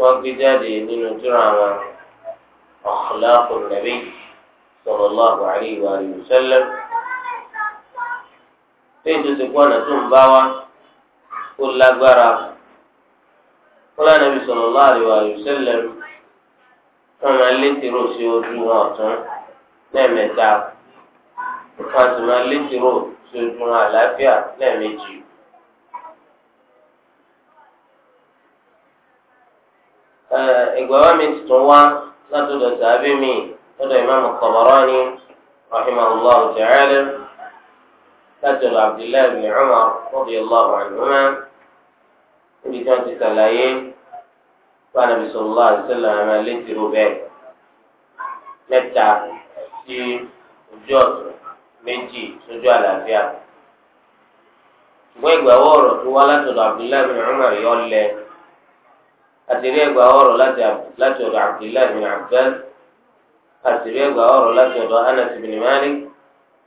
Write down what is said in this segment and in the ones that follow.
wọ́n gbé jáde nínú tírà wọn akhlaqu nabi sallallahu alayhi wa sallam lẹ́yìn tó ti kú ọ̀nà tó ń bá wa ó lágbára wọn lánàbí alayhi wa sallam wọn máa lé sí ojú wọn ọ̀tún lẹ́ẹ̀mẹ́ta wọn sì máa sí ojú wọn ẹgbẹ̀wá eh, mi tuntun wá látọ̀dọ̀ sàbí mi lọ́dọ̀ ìmáàmù Tabarani rahimahullah ta'ala látọ̀dọ̀ Abdullahi bin Umar radiyallahu anhuma níbi tí wọ́n ti sàlàyé fún anabi sallallahu alaihi létí rúbẹ́ mẹ́ta sí ojú ọ̀tún méjì sójú àlàáfíà ìgbàwọ́ ọ̀rọ̀ tó wá Abdullahi bin Umar lẹ́ẹ̀. àtìrí ẹgbà ọ̀rọ̀ láti ọ̀dọ̀ Abdullahi bin Abbas àtìrí ẹgbà ọ̀rọ̀ láti Anas bin Malik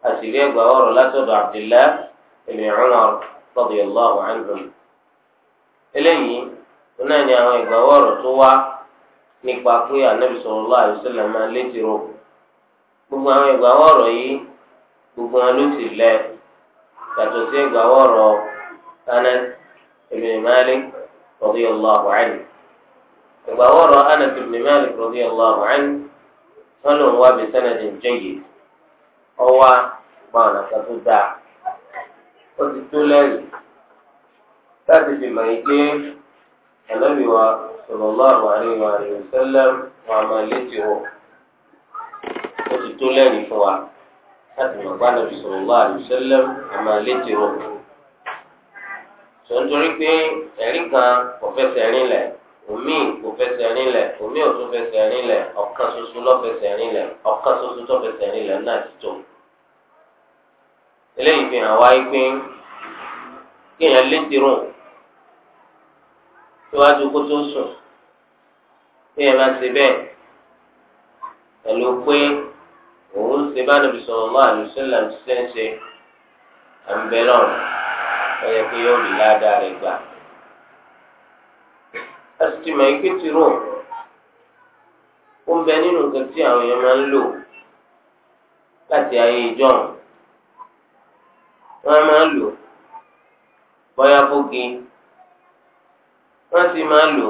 àtìrí ẹgbà ọ̀rọ̀ láti ọ̀dọ̀ Abdullahi bin Umar radiyallahu anhum. eléyìí wọn àwọn ẹgbà ọ̀rọ̀ tó wá nípa pé Ànábì sallallahu alaihi wasallam máa létí ro gbogbo àwọn ẹgbà ọ̀rọ̀ yìí gbogbo wọn ló ti lẹ yàtọ̀ sí Anas bin Malik radiyallahu anhu. ìgbà wọ́rọ̀ Anas ibn Malik radiyallahu anhu wọ́n lòun wá bí sanadin jayyid ọwá gba ọ̀nà kan tó dáa ó ti tó lẹ́yìn láti fi mọ̀ ike Ànábì wa sallallahu alaihi wa sallam wọn a máa létí wọ ó ti tó lẹ́yìn fún wa láti mọ̀ pé Ànábì sallallahu alaihi wa sallam a máa létí wọ. sọ̀rọ̀ nítorí pé ẹ̀rí kan kò fẹsẹ̀ rìn lẹ̀. omi kò fẹsẹ̀ rinlẹ̀ omi ò tún fẹsẹ̀ rinlẹ̀ ọ̀kan ṣoṣo ló fẹsẹ̀ rinlẹ̀ ọ̀kan ṣoṣo tó fẹsẹ̀ rinlẹ̀ náà ti tó. eléyìí fi hàn wáyé pé kéèyàn létí rùn síwájú kó tó sùn kéèyàn máa ṣe bẹ́ẹ̀ pẹ̀lú pé òun ṣe bá níbi sọ̀rọ̀ mọ́ àlùsílẹ̀ láti mọ̀ ike ti rò ó ń bẹ nínú nǹkan tí àwọn èèyàn máa ń lò láti ayé ìjọ́un wọ́n máa ń lò bọ́yá fóge wọ́n sì máa ń lò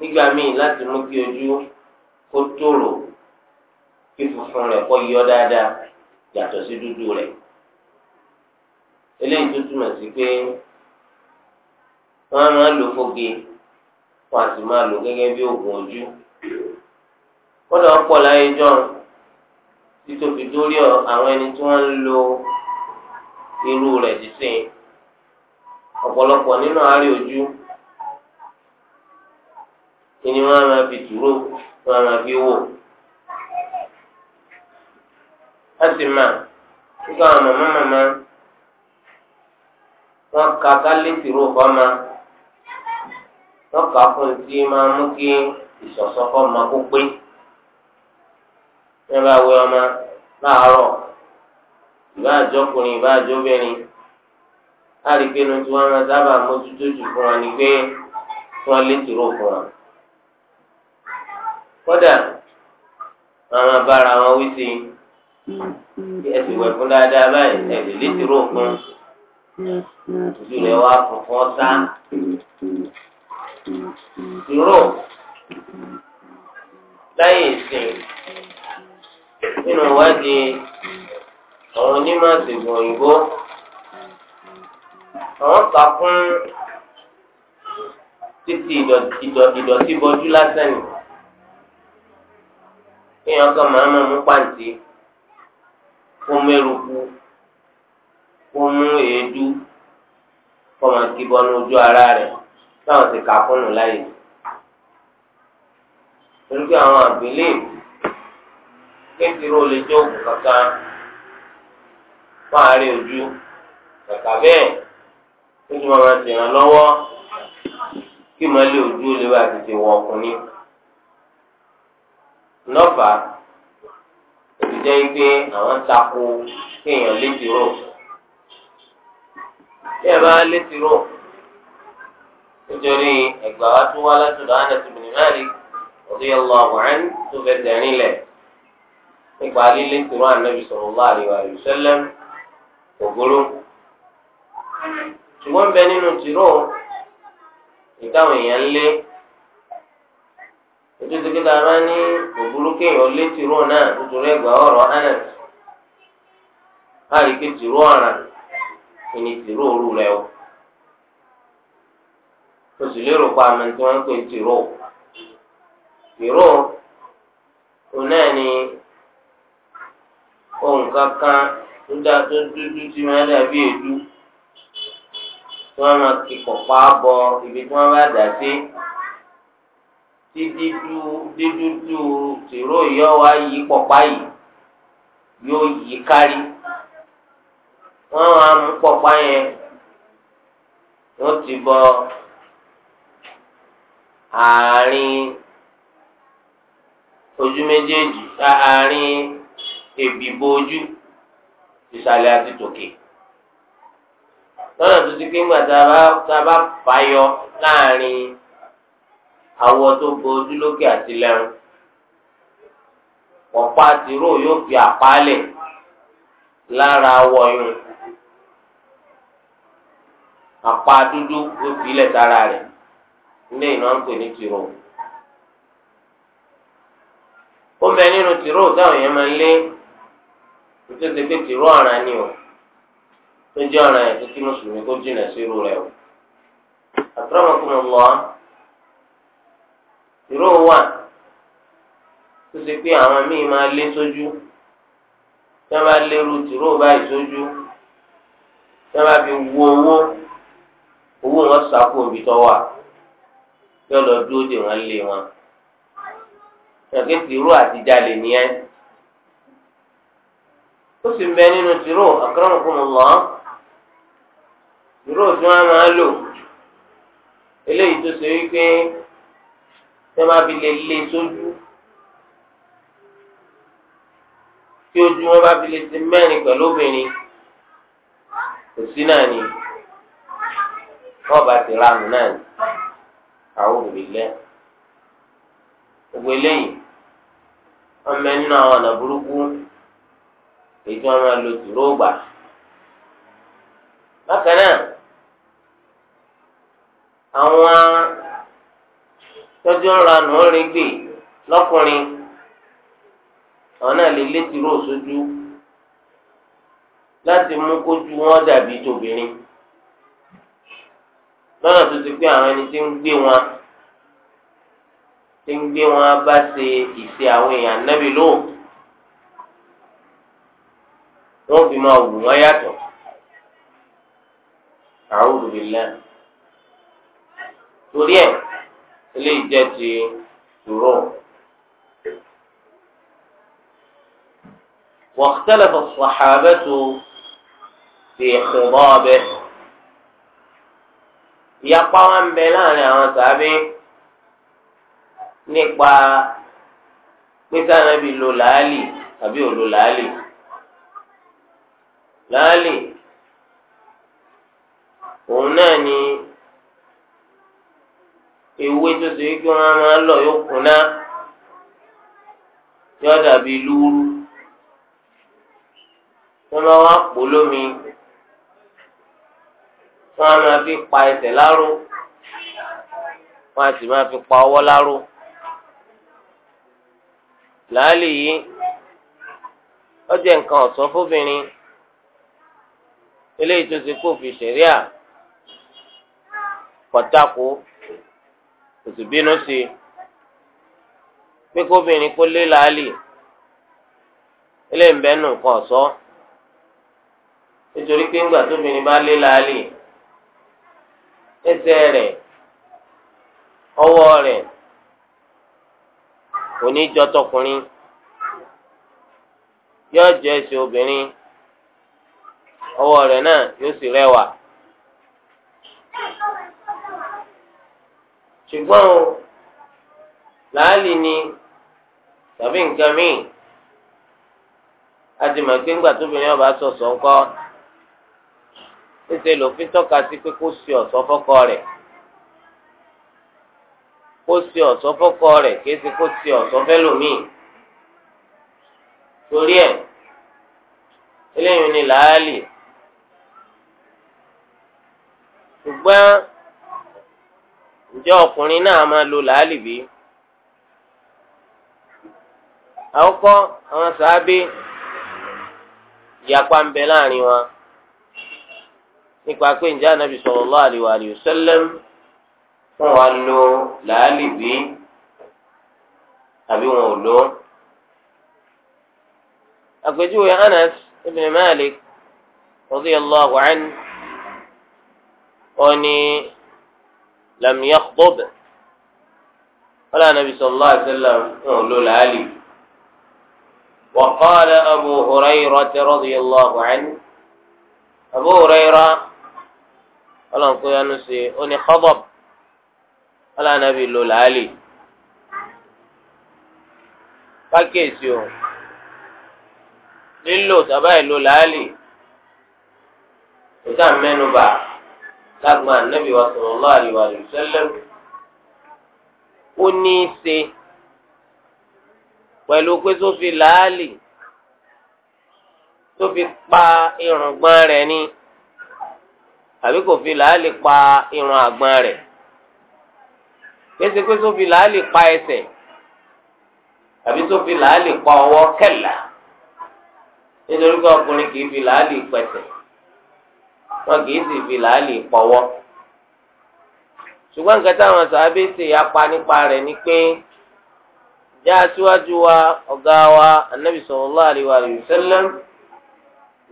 nígbà míì láti mú kí ojú kó tòrò kí funfun rẹ̀ kó yọ dáadáa yàtọ̀ sí dúdú rẹ̀ eléyìí tó túmọ̀ sí pé wọ́n máa ń lò fóge. wọn àti máa lò gẹ́gẹ́ bí oògùn ojú kódà ọ̀pọ̀ láyé jọ títóbi dórí àwọn ẹni tí wọ́n ń lo irú rẹ̀ sísìn ọ̀pọ̀lọpọ̀ nínú àárẹ̀ ojú ni wọ́n máa fi dúró wọ́n máa fi wò láti máa nígbà àwọn màmá màmá ka ká tọ́ka fún tí máa mú kí ìsọ̀sọ́kọ́ máa kó pé ní bá wẹ ọmọ láàárọ̀ ìbá àjọkùnrin ìbá àjọbìnrin àrígbénu tí wọ́n máa dábàá mójútó jù fún wa ni pé wọ́n lé tìró fún wa. kódà àwọn abára wọn wí sí ẹ sì wẹ̀ fún dáadáa báyìí ẹ lè lé tìró fún ojú rẹ̀ wá fún fún ọ́sá ìró láyé ìsìn nínú ìwádìí àwọn onímọ̀ àtẹ̀gùn òyìnbó àwọn kà fún títí ìdọ̀tí bọjú lásán ni kéèyàn kan máa ma mú pàǹtí kó mẹ́rùkú kó mú èédú kó máa kí bọ́nú ojú ara rẹ̀ táwọn ti kà fún un láyè torí pé àwọn àgbélé kékeré olè jẹ òògùn kankan máa rí ojú kàkà bẹ́ẹ̀ ó ti máa ti ràn lọ́wọ́ kí màá lé ojú olè wá tètè wọ ọkùnrin lọ́fà òtítọ́ yìí pé àwọn tako kéèyàn létí rò bí ẹ bá létí rò nítorí ẹgbà wa tó wá látọ̀dọ̀ Anas ibn Malik radiyallahu anhu tó fẹ́ dẹ̀rín lẹ̀ nípa lílé tìrọ ànábì sallallahu alaihi wa sallam ògbóró ṣùgbọ́n bẹ nínú tìrọ ìtàwọn èèyàn lé ojú ti kí dára ní ògbóró kéèyàn lé tìrọ náà nítorí ẹgbà ọ̀rọ̀ Anas láàrin kí tìrọ ọ̀ràn ìní tìrọ òru rẹ o o sì lérò pa àmì tí wọ́n ń pè tìró tìró òun náà ni ohun kankan tó dá tó dúdú tí wọ́n dàbí èédú tí wọ́n máa kí pọ̀pá bọ ibi tí wọ́n bá dà sí tí dídú dídúdú tìró yọ wá yí pọ̀pá yìí yóò yí kárí wọ́n á mú pọ̀pá yẹn wọ́n ti bọ àárín ojú méjèèjì àárín èbìbo ojú ìsàlẹ̀ àti tòkè lọ́nà tó ti pé ńgbà tá a bá fàyọ láàrin awọ tó bo ojú lókè àti lẹ́rùn ọ̀pá tìró yóò fi àpálẹ̀ lára awọ yun àpá dúdú yóò fi ilẹ̀ sára rẹ̀ ilé ìlú à ń pè ní tìró ó bẹ nínú tìró táwọn èèyàn máa ń lé tó ṣe pé tìró ọ̀ràn ni o tó jẹ́ ọ̀ràn yẹn tó kí mùsùlùmí kó jìnà sí irú rẹ̀ o akramakumullah tìró wà tó ṣe pé àwọn míì máa lé sójú tí wọ́n bá lérú tìró báyìí sójú tí wọ́n bá fi wo owó owó wọn sàkó tó wà yóò lọ dúró dè wọ́n lé wọn yàtọ̀ tìrú àti jalè nìyẹn ó sì ń bẹ nínú tìrú akramakumullah tìrú tí wọ́n máa lò eléyìí tó ṣe wípé tẹ́ máa fi lè lé sójú tí ojú wọn bá fi lè ti mẹ́rin pẹ̀lú obìnrin kò sí náà ni wọ́n bá ti ráàmù náà ni àwọn òrìlẹ gbogbo eléyìí ọmọ nínú àwọn ọ̀nà burúkú èyí tí wọ́n máa lo tìrógbà bákan náà àwọn tọ́jú ń ra nù ń rí gbè lọ́kùnrin àwọn náà lè lé tìró sójú láti mú kójú wọn dàbí tòbìnrin lọ́nà tó ti pé àwọn ẹni tí ń gbé wọn tí ń gbé wọn bá ṣe ìṣe àwọn èèyàn nábì lóò wọ́n fi máa wù wọ́n yàtọ̀ a'udhu billah torí ẹ̀ eléyìí jẹ́ ti ṣòro. واختلف الصحابة في خضابه ìyapa wa ń bẹ láàrin àwọn sàbí nípa pété ànábì lo làálì tàbí ò lo làálì làálì òun náà ni ewé tó ṣe kí wọn máa lọ yóò kúnná yóò dàbí lúrú wọn máa wá pò lómi. wọ́n á máa fi pa ẹsẹ̀ láró wọ́n á sì máa fi pa ọwọ́ láró làálì yìí ó jẹ́ nǹkan ọ̀sán fóbìnrin eléyìí tó ti kó fi ṣẹ̀ríà pàtàkó kò bínú sí i pé kóbìnrin kó lé làálì eléyìí ń bẹ́ẹ̀ nù nǹkan ọ̀sán nítorí pé ńgbà ẹsẹ̀ rẹ̀ ọwọ́ rẹ̀ tọkùnrin yóò jẹ́ ẹsẹ̀ obìnrin ọwọ rẹ̀ náà yóò sì rẹwà. ṣùgbọ́n o làálì ni tàbí nǹkan míì a ti mọ̀ pé ńgbà ọba sọ̀sọ̀ ńkọ́. ṣíṣe lòfin tọ́ka sí pé kó ṣe ọ̀ṣọ́ fọ́kọ rẹ̀ kó ṣe ọ̀ṣọ́ fọ́kọ rẹ̀ kìí ṣe kó ṣe ọ̀ṣọ́ fẹ́lòmíì torí ẹ̀ eléyìí ni làálì ṣùgbọ́n ǹjẹ́ ọkùnrin náà máa lo làálì bí? àkọ́kọ́ àwọn sàábé ìyapa ń bẹ láàrin wọn. nípa pé ǹjẹ́ ànábì sọ̀rọ̀ lọ́wọ́ alaihi wa sẹ́lẹ̀m fún wa lo làálì bí àbí wọn ò lo. àpèjúwe Anas ibn Malik radiyallahu anhu ó ní lam yakhdub wọ́n ànábì sọ̀rọ̀ lọ́wọ́ wa sallam fún wọn lo làálì. وقال أبو هريرة رضي الله عنه أبو هريرة ọlọ́run kó yánu ṣe ó ní kọ́bọ̀b ọlọ́run nàbí lò láàlì pákéèsì o lílò tàbá ìlò láàlì nígbà mẹ́nuba lágbà nàbí wa sallallahu alaihi wa sallam ó ní í ṣe pẹ̀lú pé tó fi láàlì tó fi pa irùngbọ̀n rẹ̀ ni. tàbí kò fi làálì pa irun àgbọ̀n rẹ̀ pèsèpèsè ó fi làálì pa ẹsẹ̀ tàbí tó fi làálì pa ọwọ kẹlà nítorí pé ọkùnrin kì í fi làálì pẹsẹ̀ wọn kì í sì fi làálì pọwọ ṣùgbọ́n nǹkan táwọn ṣe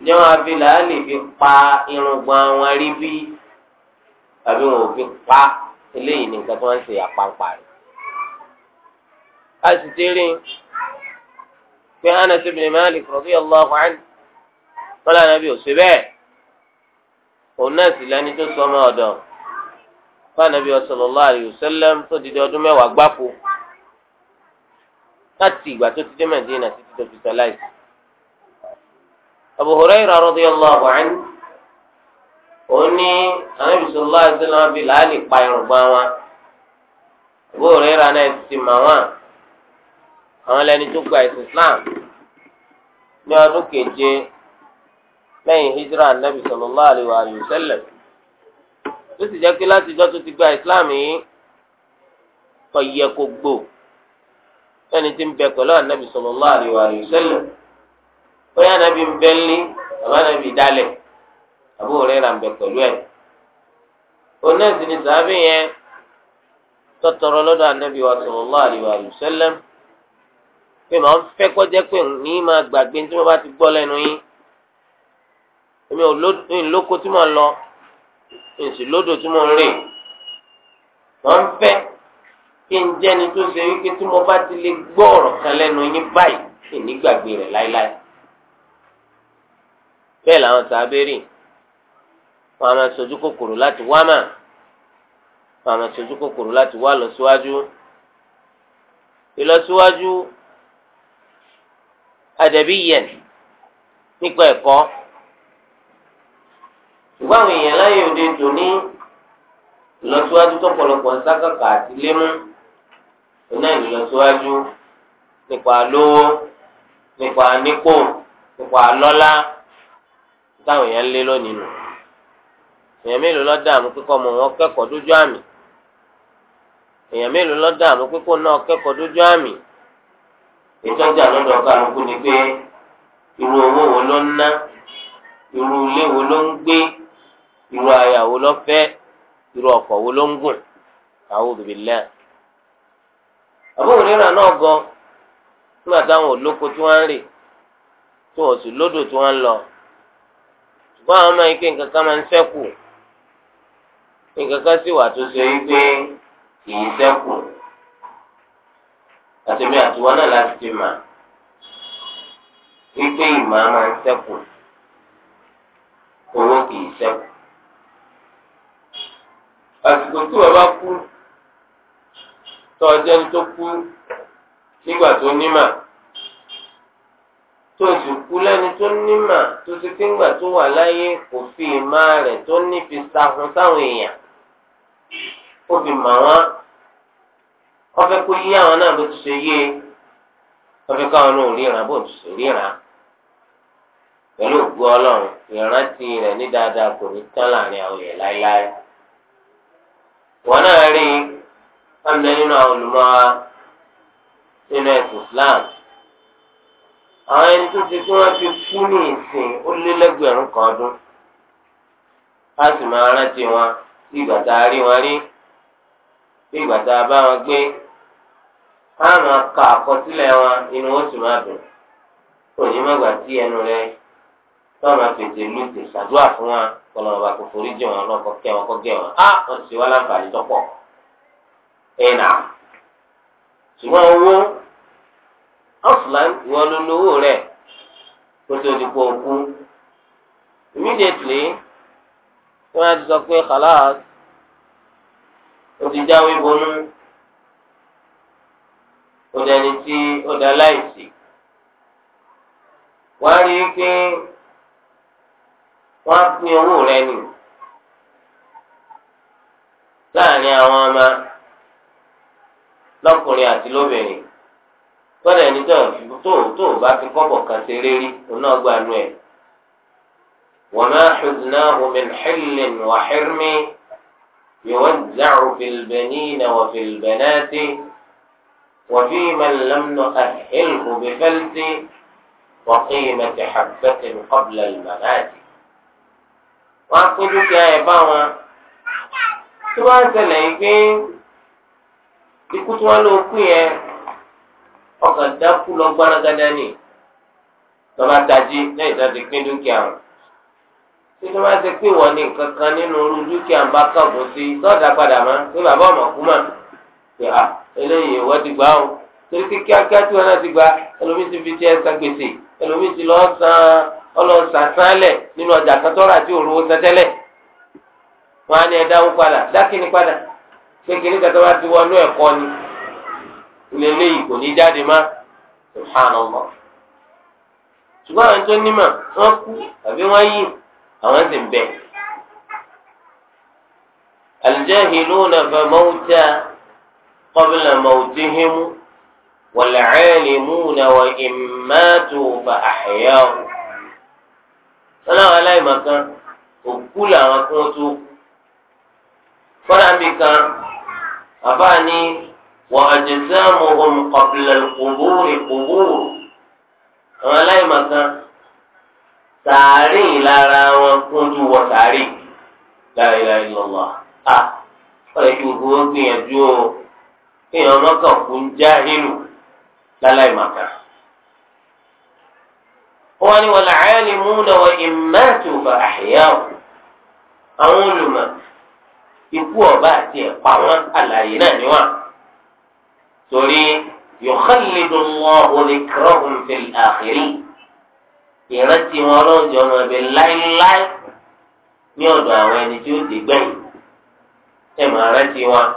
ní wọn fi làálì fi pa irùngbọ̀n wọn rí bí àbí wọn ò fi pa eléyìí ní nǹkan tí wọn ń ṣe àpàǹpà rẹ. a sì ti rí pé Anas ibn Malik radiyallahu anhu wọn lànà bí òṣè bẹ́ẹ̀ òun náà sì lẹni tó sọ ọmọ ọ̀dọ̀ fún Ànábì sallallahu tó dìde ọdún mẹ́wàá gbáko láti ìgbà tó ti dé Mẹdínà títí tó fi sọ láìsí. Abu Hurairah radiyallahu anhu òní Ànábì sallallahu alaihi wasallam bi láàlì pa irùngbọ̀n wọn Abu Hurairah náà ti mà wọn àwọn lẹni tó gba ẹ̀sìn Islam ní ọdún keje lẹ́yìn hijra Ànábì sallallahu alaihi wasallam tó sì jẹ́ pé láti ìjọ́ tó ti gba Islam yìí kò yẹ kó gbò lẹ́ni tí ń bẹ pẹ̀lú Ànábì sallallahu alaihi bóyá nàbí ń bẹ́ ńlé bàbá nàbí dálẹ̀ àbó rẹ̀ pẹ̀lú ẹ̀. onẹ́sì ni sàábì yẹn tọ́tọ̀rọ̀ lọ́dọ̀ ànábì wa sallallahu alaihi wa sallam pé màá fẹ́ kọjá pé ní máa gbàgbé tí wọ́n bá ti gbọ́ lẹ́nu yín èmi ò tí mo lọ lódò tí mo ń rè màá kí n tó ṣe wípé tí mo bá ti lè n bẹ́ẹ̀ làwọn sábẹ́rì wọn a máa sojú kòkòrò láti wá mà wọn a máa sojú kòkòrò láti wá lọ síwájú ìlọsíwájú àdẹ̀bí yẹn nípa ẹ̀kọ́ ṣùgbọ́n àwọn èèyàn láyé òde tòní ìlọsíwájú tó sákàkà àti lémú iná ìlọsíwájú nípa lówó nípa nípò nípa lọ́lá. táwọn èèyàn lé lónìí nù èèyàn mélòó ló dààmú kíkọ́ wọn kẹ́kọ̀ọ́ dójú àmì èèyàn mélòó ló dààmú kíkọ́ náà dójú pé irú owó wo ló ń irú ilé ló ń gbé irú wo fẹ́ irú ọkọ̀ wo wọn àwọn máa ń pè nǹkan kan máa ń ṣẹ́kù nǹkan kan sì wà tó ṣe wípé kì í ṣẹ́kù àtẹ̀mí àtiwọ́n náà láti ti mà wípé ìmọ̀ máa ń ṣẹ́kù owó kì í àsìkò tí wọ́n bá kú tọ́jọ́ tó kú nígbà tó nímà. tó sì kú lẹ́ni tó nímà tó ti fi ń gbà tó wà láyé kò fi ìmá rẹ̀ tó ní fi sahun sáwọn èèyàn ó fi mà wọ́n wọ́n kó yí àwọn náà bó ti ṣe yé wọ́n káwọn náà ríran bó ti ṣe ríran pẹ̀lú ògbó ọlọ́run ìrántí rẹ̀ ní dáadáa kò ní tán láàrin àwọn èèyàn láéláé wọn náà rí nínú àwọn nínú àwọn ẹni tó ti tí wọ́n ti kú ní ìsìn ó lé lẹ́gbẹ̀rún kan ọdún a sì máa rántí wọn bí ìgbà tá a rí wọn rí bí ìgbà tá a bá wọn gbé a máa ka wọn inú ó sì máa òní tí ẹnu rẹ tó máa fètè lùtè ṣàdúrà fún wa kò forí wọn ọ̀fúlán ìwọ ló lówó rẹ̀ kó tó di kó kú immediately tí wọ́n ti sọ pé khalas ó ti jáwé bonú ó dẹni tí ó dá láìsí wọ́n á rí i pé wọ́n á pín owó rẹ̀ nì láàrin àwọn ọmọ lọ́kùnrin àti lóbìnrin kọ́dà ẹni tó tó tó bá fi kọ́bọ̀ kan ṣe rírí òun náà gba nu ẹ̀. wa ma hudnahu min hillin wa hirmi yuwazza'u fil banina wa fil banati wa fi man lam nu'ahhilhu bi falsi wa qimati habbatin qabla al-manati. wọ́n á pé dúkìá ẹ̀ bá wọn tó bá ń ṣẹlẹ̀ yìí pé ikú tí wọ́n lò kú yẹn. ọkàn dákú lọ gbáragadá ni tọ́ba tají lẹ́yìn tó ti pín dúkìá rẹ̀ tí bá ti pín wọ́n ní nǹkan kan nínú irú dúkìá ń bá kàbọ̀ sí i sọ́ọ̀dà padà pé bàbá ọmọ kú pé à eléyìí ti gbà ó torí pé kíákíá tí náà ti gba ẹlòmíì ti fi jẹ́ ẹ̀sán gbèsè ti lọ́ọ́ san ọlọ́ọ̀sán nínú ọjà àti á ní padà dákìní lélẹ́yìn kò ní jáde má subhanallah ṣùgbọ́n àwọn tó nímọ̀ wọ́n kú àbí wọ́n yí àwọn sì ń bẹ̀. aljahiluna fa mawta qabla mawtihim wal'alimuna wa immatu fa ahya'u. wọ́n láwọn aláìmọ̀kan òkú làwọn kí tó kú. kọ́dà kan àbá ní. وأجسامهم قبل القبور قبور àwọn aláìmọ̀kan sàárè lára wọn kúnjú wọ sàárè la ilaha illallah à ọ̀rẹ́ kí gbogbo wọn gbìyànjú o kéèyàn ọlọ́kàn fún jáhìlù láláìmọ̀kan. wọ́n ní wal aalimuna wa in matu fa ahya'u àwọn olùmọ̀ ikú ọba àti ẹ̀pà wọn àlàyé náà níwọ̀n torí yọ̀kànlélọ́ wọn oníkàrọ̀hùn fil àkírí ìrántí wọn lọ́jọ́ ọmọ ẹ̀bẹ̀ láéláé ní ọ̀dọ̀ àwọn ẹni tí ó dé gbẹ̀yìn ẹ̀ máa rántí wọn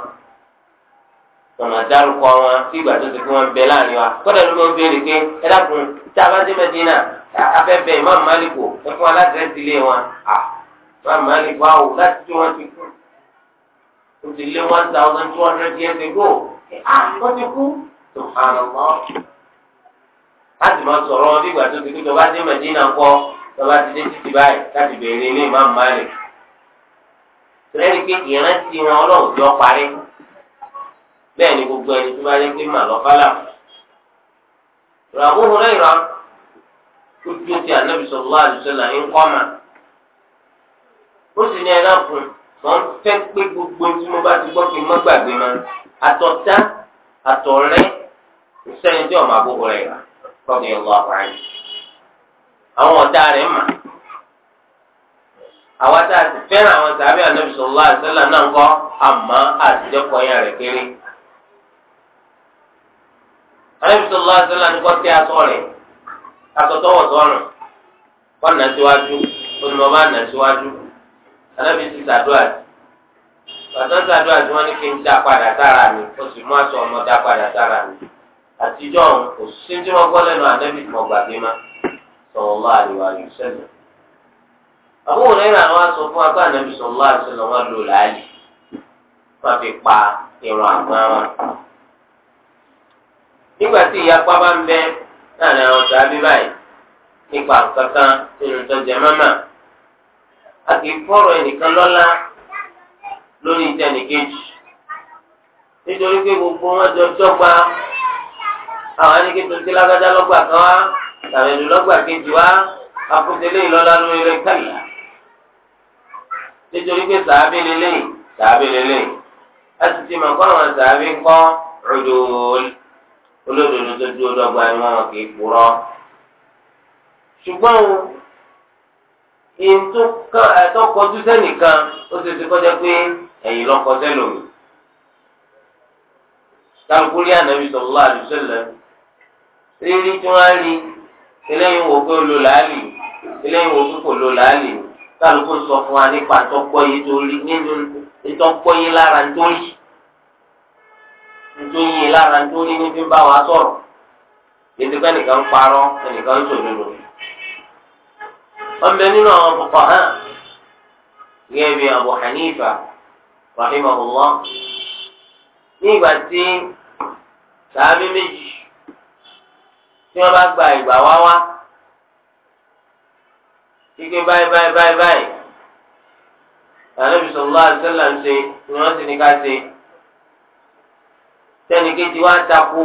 tọ̀nà dárúkọ wọn tí ìgbà tó ti fi wọn bẹ láàrin wa kọ́dà ló ń béèrè pé ẹ dákun tá a bá dé mẹ́dínà afẹ́fẹ́ ìmáàmù máàlìkò ẹ fún aládẹ́sílẹ̀ wọn à máàmù máàlìkò àwò láti tó wọn ti kú ó ti lé one thousand two hundred years ago eh, ah, ti kú tó àrùn láti máa sọ̀rọ̀ nígbà tó ti kú tó bá dé Mẹ̀dínà kọ́ tó bá ti dé títí báyìí láti béèrè ilé ìmáàmù Málíkì. tẹ́lẹ̀ pé ìrántí wọn ọlọ́run ti ọ́ parí bẹ́ẹ̀ ni gbogbo ẹni tó bá yẹ pé màá lọ fálà. ìràwọ̀ òhun ó ti wọ́n fẹ́ pé gbogbo tí mo bá ti gbọ́ kí n gbàgbé ma àtọ̀tá àtọ̀rẹ́ tí ọmọ àbúrò rẹ̀ rà kọ́bí ọlọ́ àbáyé àwọn ọ̀tá rẹ̀ mà àwa tá a sì fẹ́ràn àwọn sàbẹ̀ ànábì sallallahu alaihi náà kọ́ àmọ́ àtijọ́kọ̀ yẹn rẹ̀ kéré kọ́ a sọ rẹ̀ àtọ̀tọ̀wọ̀ sọ̀rọ̀ kọ́ nà síwájú anábì ti sàdúrà bàtà sàdúrà tí wọ́n ní kí n dá padà sára mi ó sì mú aṣọ ọmọ dá padà sára mi àtijọ́ kò sí tí wọ́n gbọ́ lẹ́nu tí mo gbàgbé má àwọn fún wọn lò láàyè wọ́n fi pa irun àgbọn wọn. nígbà tí bá ń bẹ àwọn a kì í fọ̀rọ̀ ẹnìkan lọ́lá lórí ìtẹnìkejì nítorí pé gbogbo wọn jọ dọ́gba àwọn anìkejì tí lágbájá lọ́gbà kan wá tàbẹ̀lú lọ́gbà kejì wá akúntẹ̀lẹ́ ìlọ́lá lórí rẹ̀ kàlà nítorí pé sàábì lélẹ́yìn sàábì lélẹ́yìn láti ti mọ̀ kọ́ àwọn sàábì kọ́ ọ̀dọ́ọ̀lù olódodo tó dúró dọ́gba ni wọn kì í kúrọ́ ṣùgbọ́n o ètò kan ẹ̀tọ́ kọjú sẹ́nìkan ó ti ti kọjá pé ẹ̀yìn lọ kọjá lómi. kálukú rí ànábi sallallahu alaihi wasallam rírí tí wọ́n á rí eléyìí wò pé ó lo làálì eléyìí wò pé kò lo làálì kálukú sọ fún wa nípa tọ́gbọ́yé tó rí nínú ìtọ́gbọ́yé lára tó rí ìtọ́yé lára tó rí ní fi bá wa sọ̀rọ̀ ètò pé nìkan ń parọ́ ẹnìkan ń sòdodo. wọn bẹ nínú àwọn pọpọ hàn gẹ́gẹ́ bí Abu Hanifa rahimahullah ní ìgbà tí sàábí méjì tí wọn bá gba ìgbà wá wá kíkẹ́ báyìí báyìí báyìí báyìí ànábì sallallahu alaihi ṣe ni wọ́n ti ní ká ṣe tẹ́ni kejì wá tẹ́ni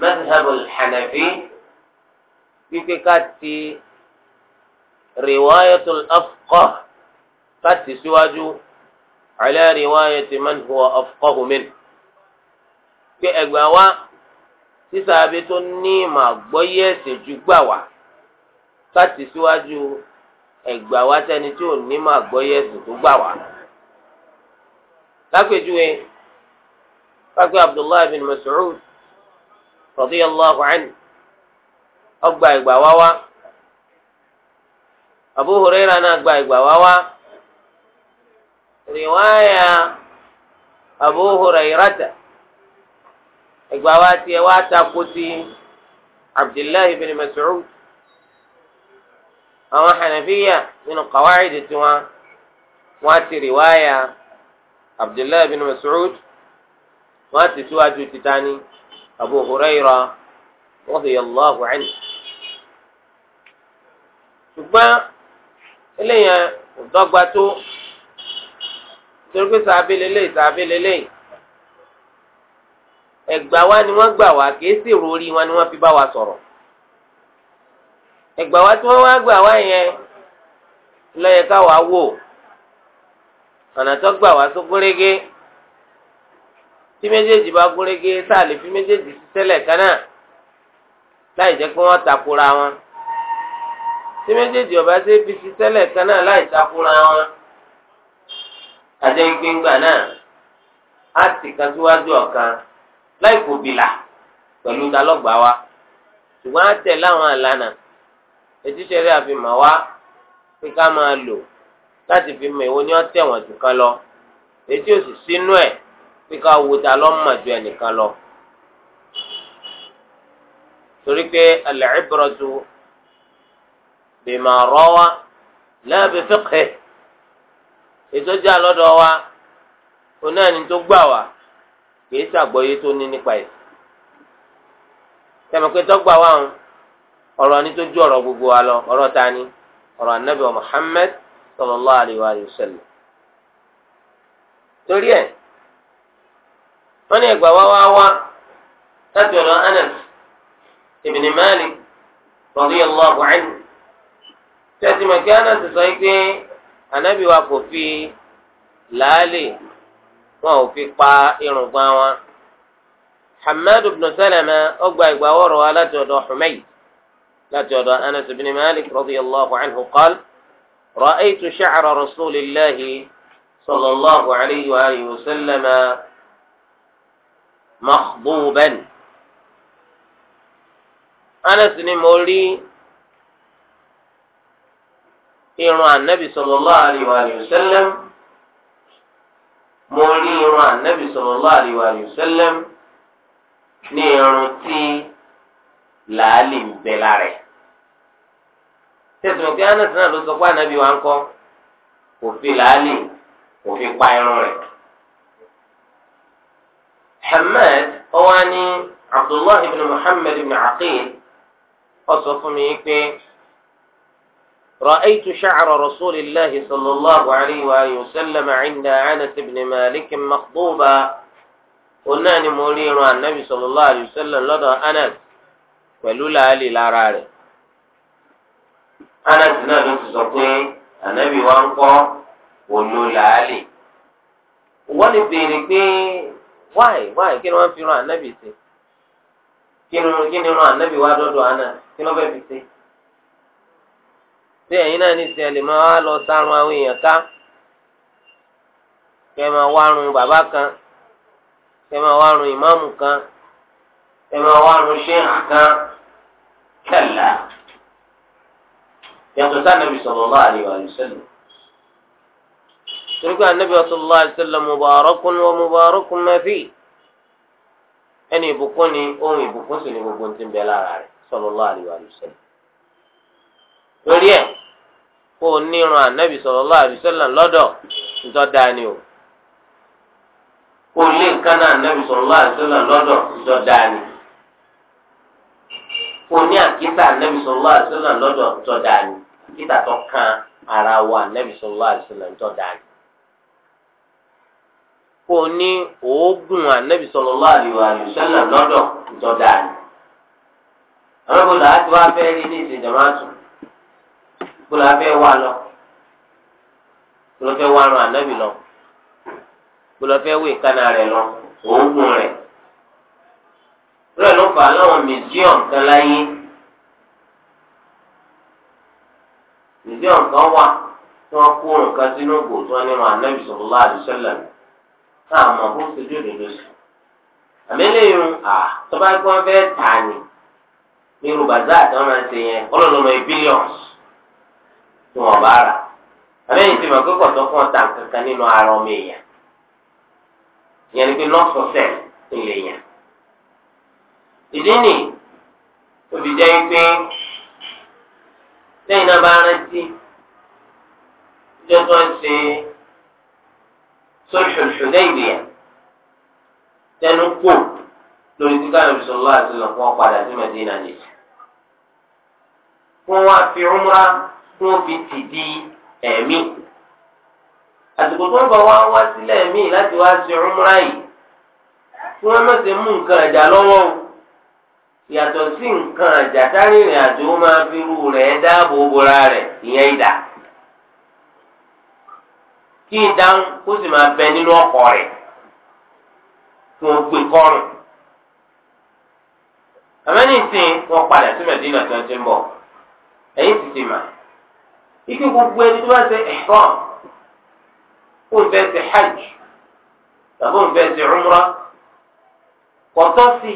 madhabul hanafi wípé ká ti riwayatul afqah ká ti síwájú ala riwayati man huwa afqahu min pé ẹgbàá wa sísá abẹ tó ní ìmọ̀ àgbọ́yé ẹ̀sìn ju gbà wá ká ti síwájú ẹgbàá wa tẹni tí ò ní ìmọ̀ àgbọ́yé ẹ̀sìn tó gbà wá. lápèjúwe pápẹ́ abdullahi bin mas'ud radiyallahu anhu ọgbà ìgbà wá wá Abu Hurairah náà gba ìgbà wá wá riwaya Abu Hurairata ìgbà wá tiẹ̀ wá takò sí Abdullahi bin Mas'ud àwọn hànàfíyà nínú kàwáìdì tiwọn wọn ti riwaya Abdullahi bin Mas'ud wọn ti síwájú titani. Abu Hurairah radiyallahu anhu ṣùgbọ́n eléyàn kò dọ́gba tó torí pé sàbí lélẹ́yìn wa ni wọ́n gbà wá kìí sì rori wọn ni wọ́n fi bá wa sọ̀rọ̀ ẹgbà wa tí wọ́n wá gbà wá yẹn lọ́yẹ káwa wò ọ̀nà tí méjèèjì bá gúnrégé sáà lè fi méjèèjì tẹ́lẹ̀ kan náà láì jẹ́ pé wọ́n takora wọn tí méjèèjì ọba ṣe fi sí tẹ́lẹ̀ kan náà láì takora wọn àjẹgbẹ́ngbà náà á ti kan síwájú ọ̀kan láì kò bìlà pẹ̀lú dalọ́gba wa ṣùgbọ́n á tẹ̀ láwọn àlànà ètùtẹ̀ rẹ̀ àfihàn wá pé ká máa lò láti fi mọ èwo ni wọ́n tẹ̀ wọ́n jù kan lọ èyí tí ò sì sínú ẹ̀. pé ká wo ta lọ mà ju ẹnìkan lọ. torí pé al-ibratu bima rawa la bi fiqhi ètò jẹ́ àlọ́dọ̀ wa oní ẹni tó gbà wá kìí tó ní nípa ẹ̀. tẹ̀mọ̀ pé tọ́gbà wá ń ọ̀rọ̀ ni tó ju ọ̀rọ̀ gbogbo wa ta ni ọ̀rọ̀ anabi wa wọ́n ní ẹgbà wá wá wá láti ọ̀dọ̀ Anas ibn Malik radiyallahu anhu tẹ̀sí mọ̀ kí Anas sọ pé Ànábì wa kò fi làálì wọn ò fi pa irùngbọ̀n wọn. Hammad ibn Salama ọgbà ìgbà wọ̀rọ̀ wa láti ọ̀dọ̀ Humayd láti ọ̀dọ̀ Anas ibn Malik radiyallahu anhu qala ra'aytu sha'ra rasulillahi sallallahu alayhi wa alihi wa sallama. makhbuban. Anas ni mo rí irun anabi sallallahu alayhi wa sallam mo rí irun anabi sallallahu alayhi wa sallam ní irun tí làálì ń bẹ lára ẹ̀. tẹ̀sán kí sọ pé anabi wa ń kọ́ kò fi làálì kò fi pa irun rẹ̀. حماد أواني عبد الله بن محمد ibn Aqil ọsọ fún رأيت شعر رسول الله صلى الله عليه وآله وسلم عند أنس بن مالك مخضوبا قلنا نمولين النبي صلى الله عليه وسلم لدى أنس ولولا لي لا راري Anas náà ló ti sọ pé ànábì wa ń wáì wáì kí ni fi ran ànábì sí kí ni ran ànábì wá dọ́dọ̀ àná kí ló fẹ́ fi sí. ṣé ẹ̀yin náà ní lọ sárun àwọn èèyàn ká kẹ́ kan kẹ́ máa wá kan kẹ́ máa wá run kan yàtọ̀ torípé anabi sallallahu alaihi wasallam mubarakun wa mubarakun ma fi ẹni ìbùkún ni ohun ìbùkún sì ni gbogbo ti ń bẹ lára rẹ̀ sallallahu alaihi wasallam lórí ẹ o anabi sallallahu alaihi wasallam lọ́dọ̀ ntọ́ da o kó anabi sallallahu alaihi wasallam ni anabi sallallahu alaihi wasallam lọ́dọ̀ ntọ́ da ni kan ara wa anabi sallallahu alaihi da kó o ní oògùn ànábì sallallahu alaihi wasallam lọdọ ìjọba àwọn ti wá fẹ́ rí ní ìṣèjọba tún ìbò làá fẹ́ wá lọ ìbò làá fẹ́ wá ran lọ fẹ́ wé ìkánná rẹ̀ lọ oògùn ló fà láwọn kan láyé kan wà tí wọ́n kó àmọ́ bó sojú òdodo sùn àmì lẹ́yìn à tọ́ba kí wọ́n fẹ́ tà ní irú bàzá àtàwọn máa ń ṣe yẹn ọlọ́lọ́mọ bílíọ̀nù tí wọ́n bá rà àmì ti mọ̀ pé kọ̀tọ́ fún ọ̀tà kankan nínú ara ọmọ èèyàn ìyẹn ni pé nọ́ọ̀sọ̀sẹ̀ ńlẹ̀ yẹn ìdí nì òbí jẹ́ pé lẹ́yìn náà bá rántí ìjọ tó ń ṣe. Sulhul Hudaybiyah tẹnu kò lórí tí káyọ̀ bisalòlá àti lọ́kọ́ padà sí Mẹ́dínà ní. Fún wa fi umra fún fi tìdí ẹ̀mí. Àsìkò tó ń bọ̀ wá wá sílẹ̀ mí láti wá sí umra yìí. Tí wọ́n mọ̀ sí mú nǹkan ẹ̀dá lọ́wọ́ Yàtọ̀ sí nǹkan ẹ̀dá tárí ìrìn àjò máa fi rú rẹ̀ dáàbò bora rẹ̀ ìyẹn ìdá. kí ìdáhùn kó sì máa bẹ nínú ọkọ rẹ̀ kí wọ́n gbé kọ́rùn. àmọ́ni ìsìn wọn padà sí mẹ́dínà tí wọ́n ti ń bọ̀ ẹ̀yìn ti mà. ike gbogbo ẹni tó bá ṣe kó n fẹ́ ṣe hajj tàbí n fẹ́ ṣe umrah kọ́tọ́ sí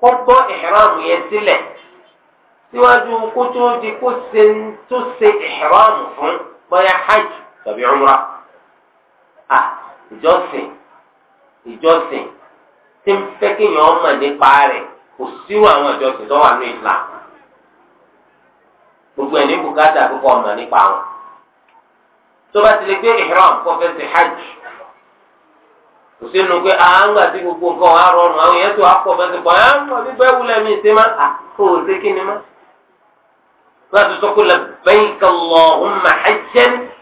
kó gbọ́ ihram yẹn sílẹ̀ síwájú kó tó di kó ṣe tó ṣe fún hajj. tàbí ọmúra ah, ìjọsìn ìjọsìn tí ń fẹ́ kéèyàn ọmọ nípa rẹ̀ kò sírò àwọn ìjọsìn tó wà ní gbogbo ẹ̀ ní bùkátà kókó ọmọ nípa wọn tó bá ti lè gbé ihram kó fẹ́ hajj kò sínú pé tí gbogbo nǹkan wà rọrùn àwọn èèyàn tó wà pọ̀ pọ̀ ẹ̀ ń bẹ́ẹ̀ wúlẹ̀ ṣe má à kí ni má. láti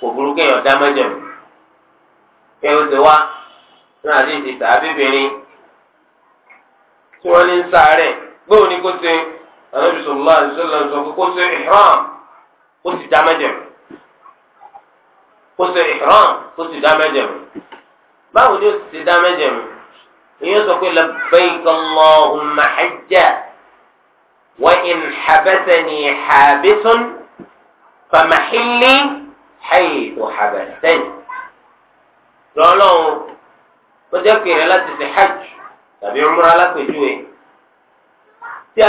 kò burú kéèyàn dá mẹ́jẹ̀mú ẹ ó ti wá ní àdéhìí tàbíbìnrin tí wọ́n ní ń sáré gbóò ní kó ṣe ànábì sọ̀rọ̀ àdìsọ́lá sọ pé kó ṣe ìhrọ́m kó sì dá mẹ́jẹ̀mú kó ṣe ìhrọ́m kó sì dá mẹ́jẹ̀mú báwo ni ó sì ti dá ìyẹn sọ pé labbaika Allahumma hajja wa in habasani habisun famahilli. haythu habastayn lọ́lọ́run ó jẹ́ pé ìrìn láti ṣe hajj tàbí umra alápèjúwe tí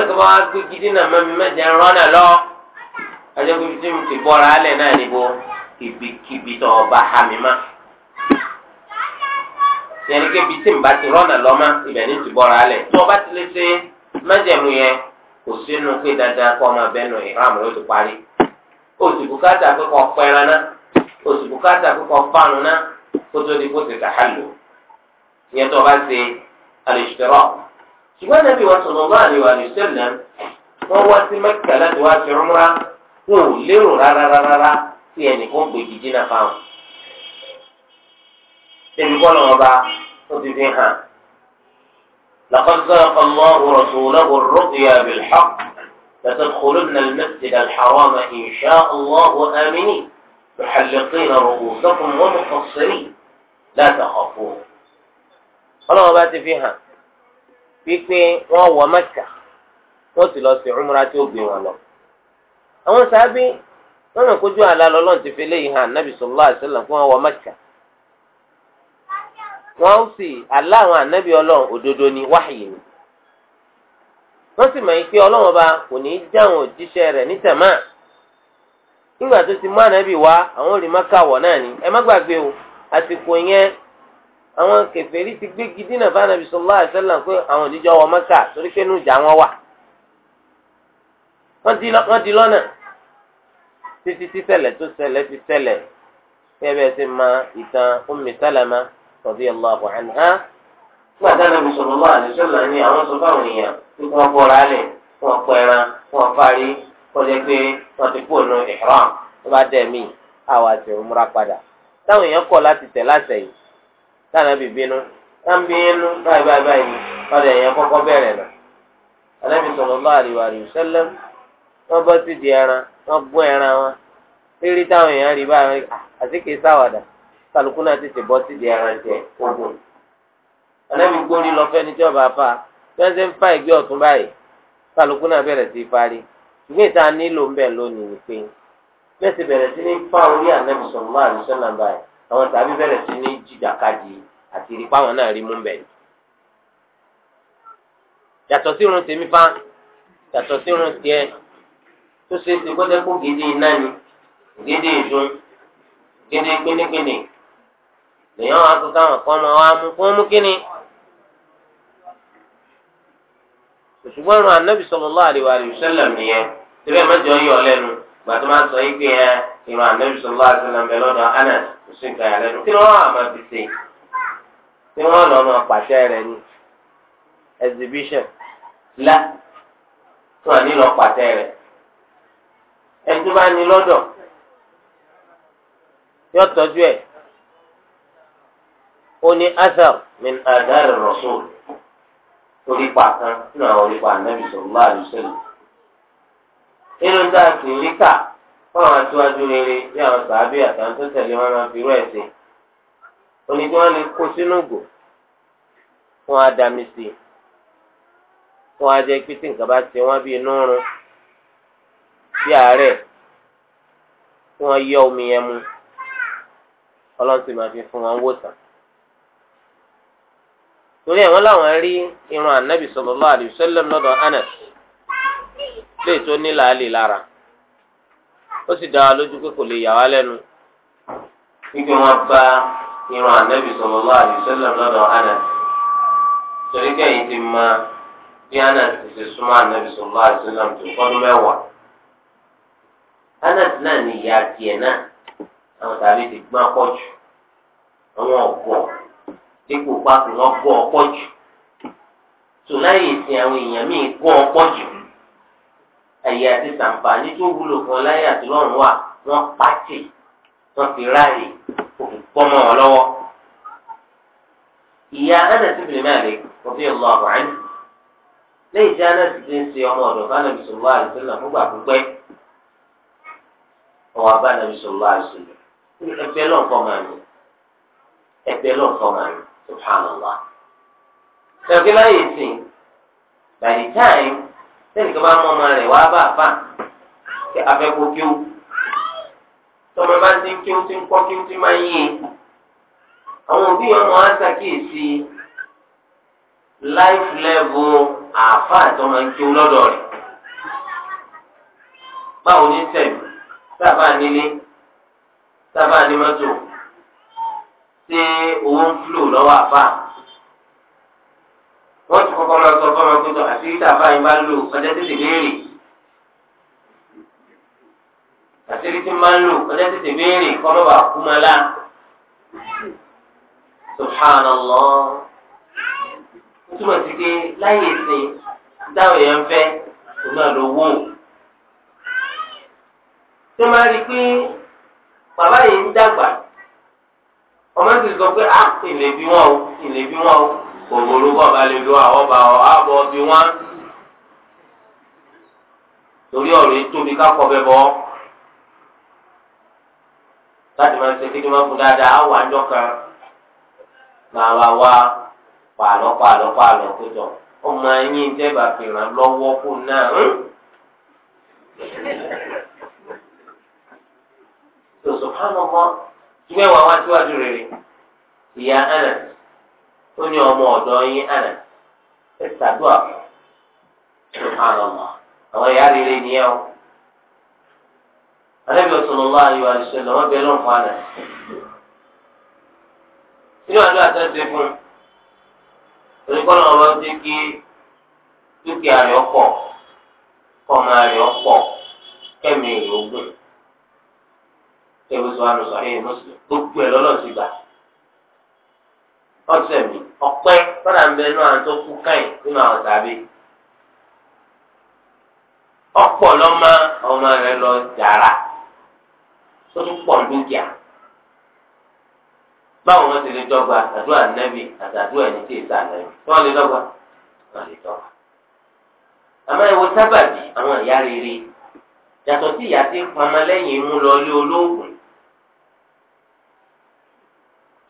e tó bá agbégidínà mẹ́mi mẹ́jẹ ń lọ ajẹ́gbẹ́bí tí mo ti bọ́ra alẹ náà níbo kìbìkìbì tó ọba hàmì má yẹn ké tí n bá ti rọ́nà lọ́mọ ibẹ̀ ní ti bọ́ra alẹ tí wọ́n bá ti oṣù bùkátà kókò pẹ́ran náà oṣù bùkátà kókò fáànù náà kótó di kóso tàhálù ìyẹn tó o bá ṣe alìṣirọ́ ṣùgbọ́n nàbí wa sallallahu alaihi wa sallam wọ́n wá sí mẹ́kà láti wá sí umra wọn ò lérò rárárárá sí ẹnìkan gbèjì jìnnà fáwọn. ebi kọ́ lọ́wọ́ bá ó ti fi hàn laqad sadaqa Allahu rasulahu ar-ru'ya لتدخلن المسجد الحرام إن شاء الله آمنين محلقين رؤوسكم ومقصرين لا تخافون قال بات فيها بيكي وهو مكة قتل في عمرات أبي ولو أول سابي wọ́n mọ̀ kójú àlálọ́ lọ́n ti fi léyìí hàn nábì sọ́lá àṣẹlẹ̀ fún àwọn mẹ́kà wọ́n sì aláwọn ànábì ọlọ́run òdodo wọ́n sì mọ̀ pé ọlọ́run ọba kò ní í dáhùn òjíṣẹ́ rẹ̀ ní tẹ̀mọ́ nígbà tó ti mú ànábì wá àwọn olùmọ́ká wọ̀ náà ni ẹ má gbàgbé o àsìkò yẹn àwọn kèfèrí ti gbé gidina bá ànábì sallallahu alaihi wasallam pé àwọn òjíjọ́ wọ Mẹ́kà torí pé inú ìjà wọn wà wọ́n di lọ́nà títí tí ṣẹlẹ̀ tó ṣẹlẹ̀ ti ṣẹlẹ̀ kẹ́ẹ̀bẹ́ẹ̀ ti ma ìtàn Ummi Salama radiyallahu anha gbàdá nàbì sọ̀rọ̀ lọ́wọ́ àdìsọ́lá ni àwọn sọ fáwọn èèyàn tí wọ́n bọ́ra lẹ̀ wọ́n pẹran wọ́n parí kọjá pé wọ́n ti kú ònú ìhram tó bá dẹ̀ mí àwọn àti òmùra padà. táwọn èèyàn kọ̀ láti tẹ̀ láṣẹ yìí táwọn ẹbí bínú táwọn bínú báyìí báyìí báyìí padà èèyàn kọ́kọ́ bẹ̀rẹ̀ nà. àdàbì sọ̀rọ̀ lọ́wọ́ àdìwà wọ́n bọ́ sí di ẹran wọ́n ẹran wọn rírí táwọn èèyàn rí báyìí ànábì gbórí lọ fẹ́ni tí ọba fa fẹ́ńsẹ̀ ń fa ẹgbẹ́ ọ̀tún báyìí kálukú náà bẹ̀rẹ̀ sí í parí ṣùgbọ́n ìta nílò ń bẹ̀ lónìí ni pé bẹ́sẹ̀ bẹ̀rẹ̀ sí ní fa orí ànábì sọ̀rọ̀ máa rí sọ́nà báyìí àwọn tàbí bẹ̀rẹ̀ sí ní jìjàkadì àti ìrìpá àwọn náà rí mú bẹ̀rẹ̀ yàtọ̀ sí irun tèmi fa yàtọ̀ sí irun tiẹ̀ tó ṣe ti kọ́tẹ́ kó gédé iná ni gédé ìdun gédé pínnípínní lèyàn wá kó káwọn kan máa wá mú fún mú kíni. ṣùgbọ́n ìrun anabi sallallahu alaihi wa sallam nìyẹn síbẹ̀ mẹ́jọ yọ lẹ́nu gbàtí máa sọ yìí pé ẹ ìrun anabi sallallahu alaihi wa sallam bẹ lọ́dọ̀ Anas oṣù kàyà lẹ́nu kí wọ́n àmà fi ṣe tí wọ́n lọ náà pàṣẹ rẹ̀ ni exhibition la tí wọ́n ní lọ pàṣẹ rẹ̀ ẹtú bá ní lọ́dọ̀ yọ tọ́jú ẹ̀ ó ní azar min adar rasul. oripa kan nínú àwọn orípa ànábì sallallahu alaihi wasallam. nínú táà sì ń ríkà fáwọn aṣíwájú rere bí àwọn sàábì àtàwọn tẹ̀lé wọn máa fi rú ẹ̀ sí. oní tí wọ́n lè kó sínú gò fún adami sí fún ajẹ́ pé nǹkan bá ti wọ́n yọ omi yẹn mu ọlọ́run máa fi fún wọn torí àwọn làwọn rí irun anabi sallallahu alaihi wasallam anas lè tó nílà á lè lára ó sì dá wa lójú pé kò irun anabi sallallahu alaihi wasallam anas torí ti ma bí anas ti ṣe sallallahu alaihi tó anas náà ni ìyá dípò pápẹ wọn gbọ́ ọ̀pọ̀ jù tòláyè ìsìn àwọn èèyàn míì gbọ́ ọ̀pọ̀ jù ẹ̀yà àti sàǹfààní tó wúlò fún ọláyà àti lọ́rùn wà wọ́n pàtì wọ́n fi ráàyè òfin pọ́mọ́ wọn lọ́wọ́. ìyá Anas ibn Malik radiyallahu anhu lẹ́yìn tí Anas ti ń ṣe ọmọ ọ̀dọ̀ bá nàbì sallallahu alaihi fúgbà pípẹ́ ọwọ́ bá nàbì sallallahu alaihi wasallam ẹgbẹ́ lọ́nkọ́ màmí ẹgbẹ́ lọ́nkọ́ màmí subhanallah ṣèkí láyé sìn by the time sẹ́nìkan bá mọ ọmọ rẹ̀ wá bá àfà kí afẹ́kọ̀ọ́ kí ó tọmọ bá ti ń kí ó ti ń kọ́ kí ó ti máa ń yé àwọn òbí ọmọ á ṣàkíyèsí life level àfà àtọmọ kí ó lọ́dọ̀ rẹ̀ báwo ní sẹ́mi sábà nílé sábà ní mọ́tò ṣé owó ń flò lọ́wọ́ àbá wọ́n ti kọ́kọ́ máa sọ fọ́nmọ́ pé tọ́ àti rita àbá yín bá lò ọjọ́ tètè béèrè àti rita máa ń lò ọjọ́ tètè béèrè kọ́ mọ́ bàa kú máa lá subhanallah ó túmọ̀ sí pé láyé ìsìn dáhùn yẹn fẹ́ òun náà wò tó máa rí i pé bàbá yìí ń dàgbà ọmọ ti sọ pé ah ìlè bí wọn o ìlè bí wọn o òwòrò bọba lè lo àwọn ọba àbọ bí wọn torí ọ̀rọ̀ yìí tóbi kákọ bẹ bọ láti máa ṣe kékeré máa fún dáadáa àwọn àjọ kan máa wá wá pààlọ́ pààlọ́ pààlọ́ kójọ ọmọ ẹyin dẹ́gbà fìràn lọ́wọ́ kó náà tó sọ fún àwọn ọmọ síbẹ̀ wà wá síwájú rere ìyá Anas ó ní ọmọ ọ̀dọ́ yín Anas ẹ ṣàdúrà subhanallah àwọn ìyá rere ni ẹ o alẹ́bí sallallahu alaihi wa sallam wọ́n bẹ lọ́n fún Anas nínú àdúrà ṣe fún oníkọ́nà ọba ń ṣe kí dúkìá rẹ̀ ọ̀pọ̀ kọ́mọ rẹ̀ ọ̀pọ̀ kẹ́mi ìlú ogun ẹ̀rù sọ̀rọ̀ sọ̀rọ̀ ẹ̀yìn mùsùlùmí gbogbo ẹ̀ lọ́lọ́ ti gbà. ọ̀sẹ̀ mi ọ̀pẹ́ fọ́nà ń bẹ inú àwọn tó kú káyìn nínú àwọn tàbí. ọ̀pọ̀ lọ́mọ ọmọ rẹ lọ jàrà tó tún pọ̀ dúkìá. báwo wọn ti lè dọ́gba àdúrà nẹ́bí àtàdúrà ẹni tí èsà nẹ́bí tí wọ́n lè dọ́gba wọ́n lè dọ́gba. àmọ́ ìwọ sábàbí àwọn ìyá rere yàtọ̀ sí ìyá tí pamọ́ lẹ́yìn mú lọ ilé olóògùn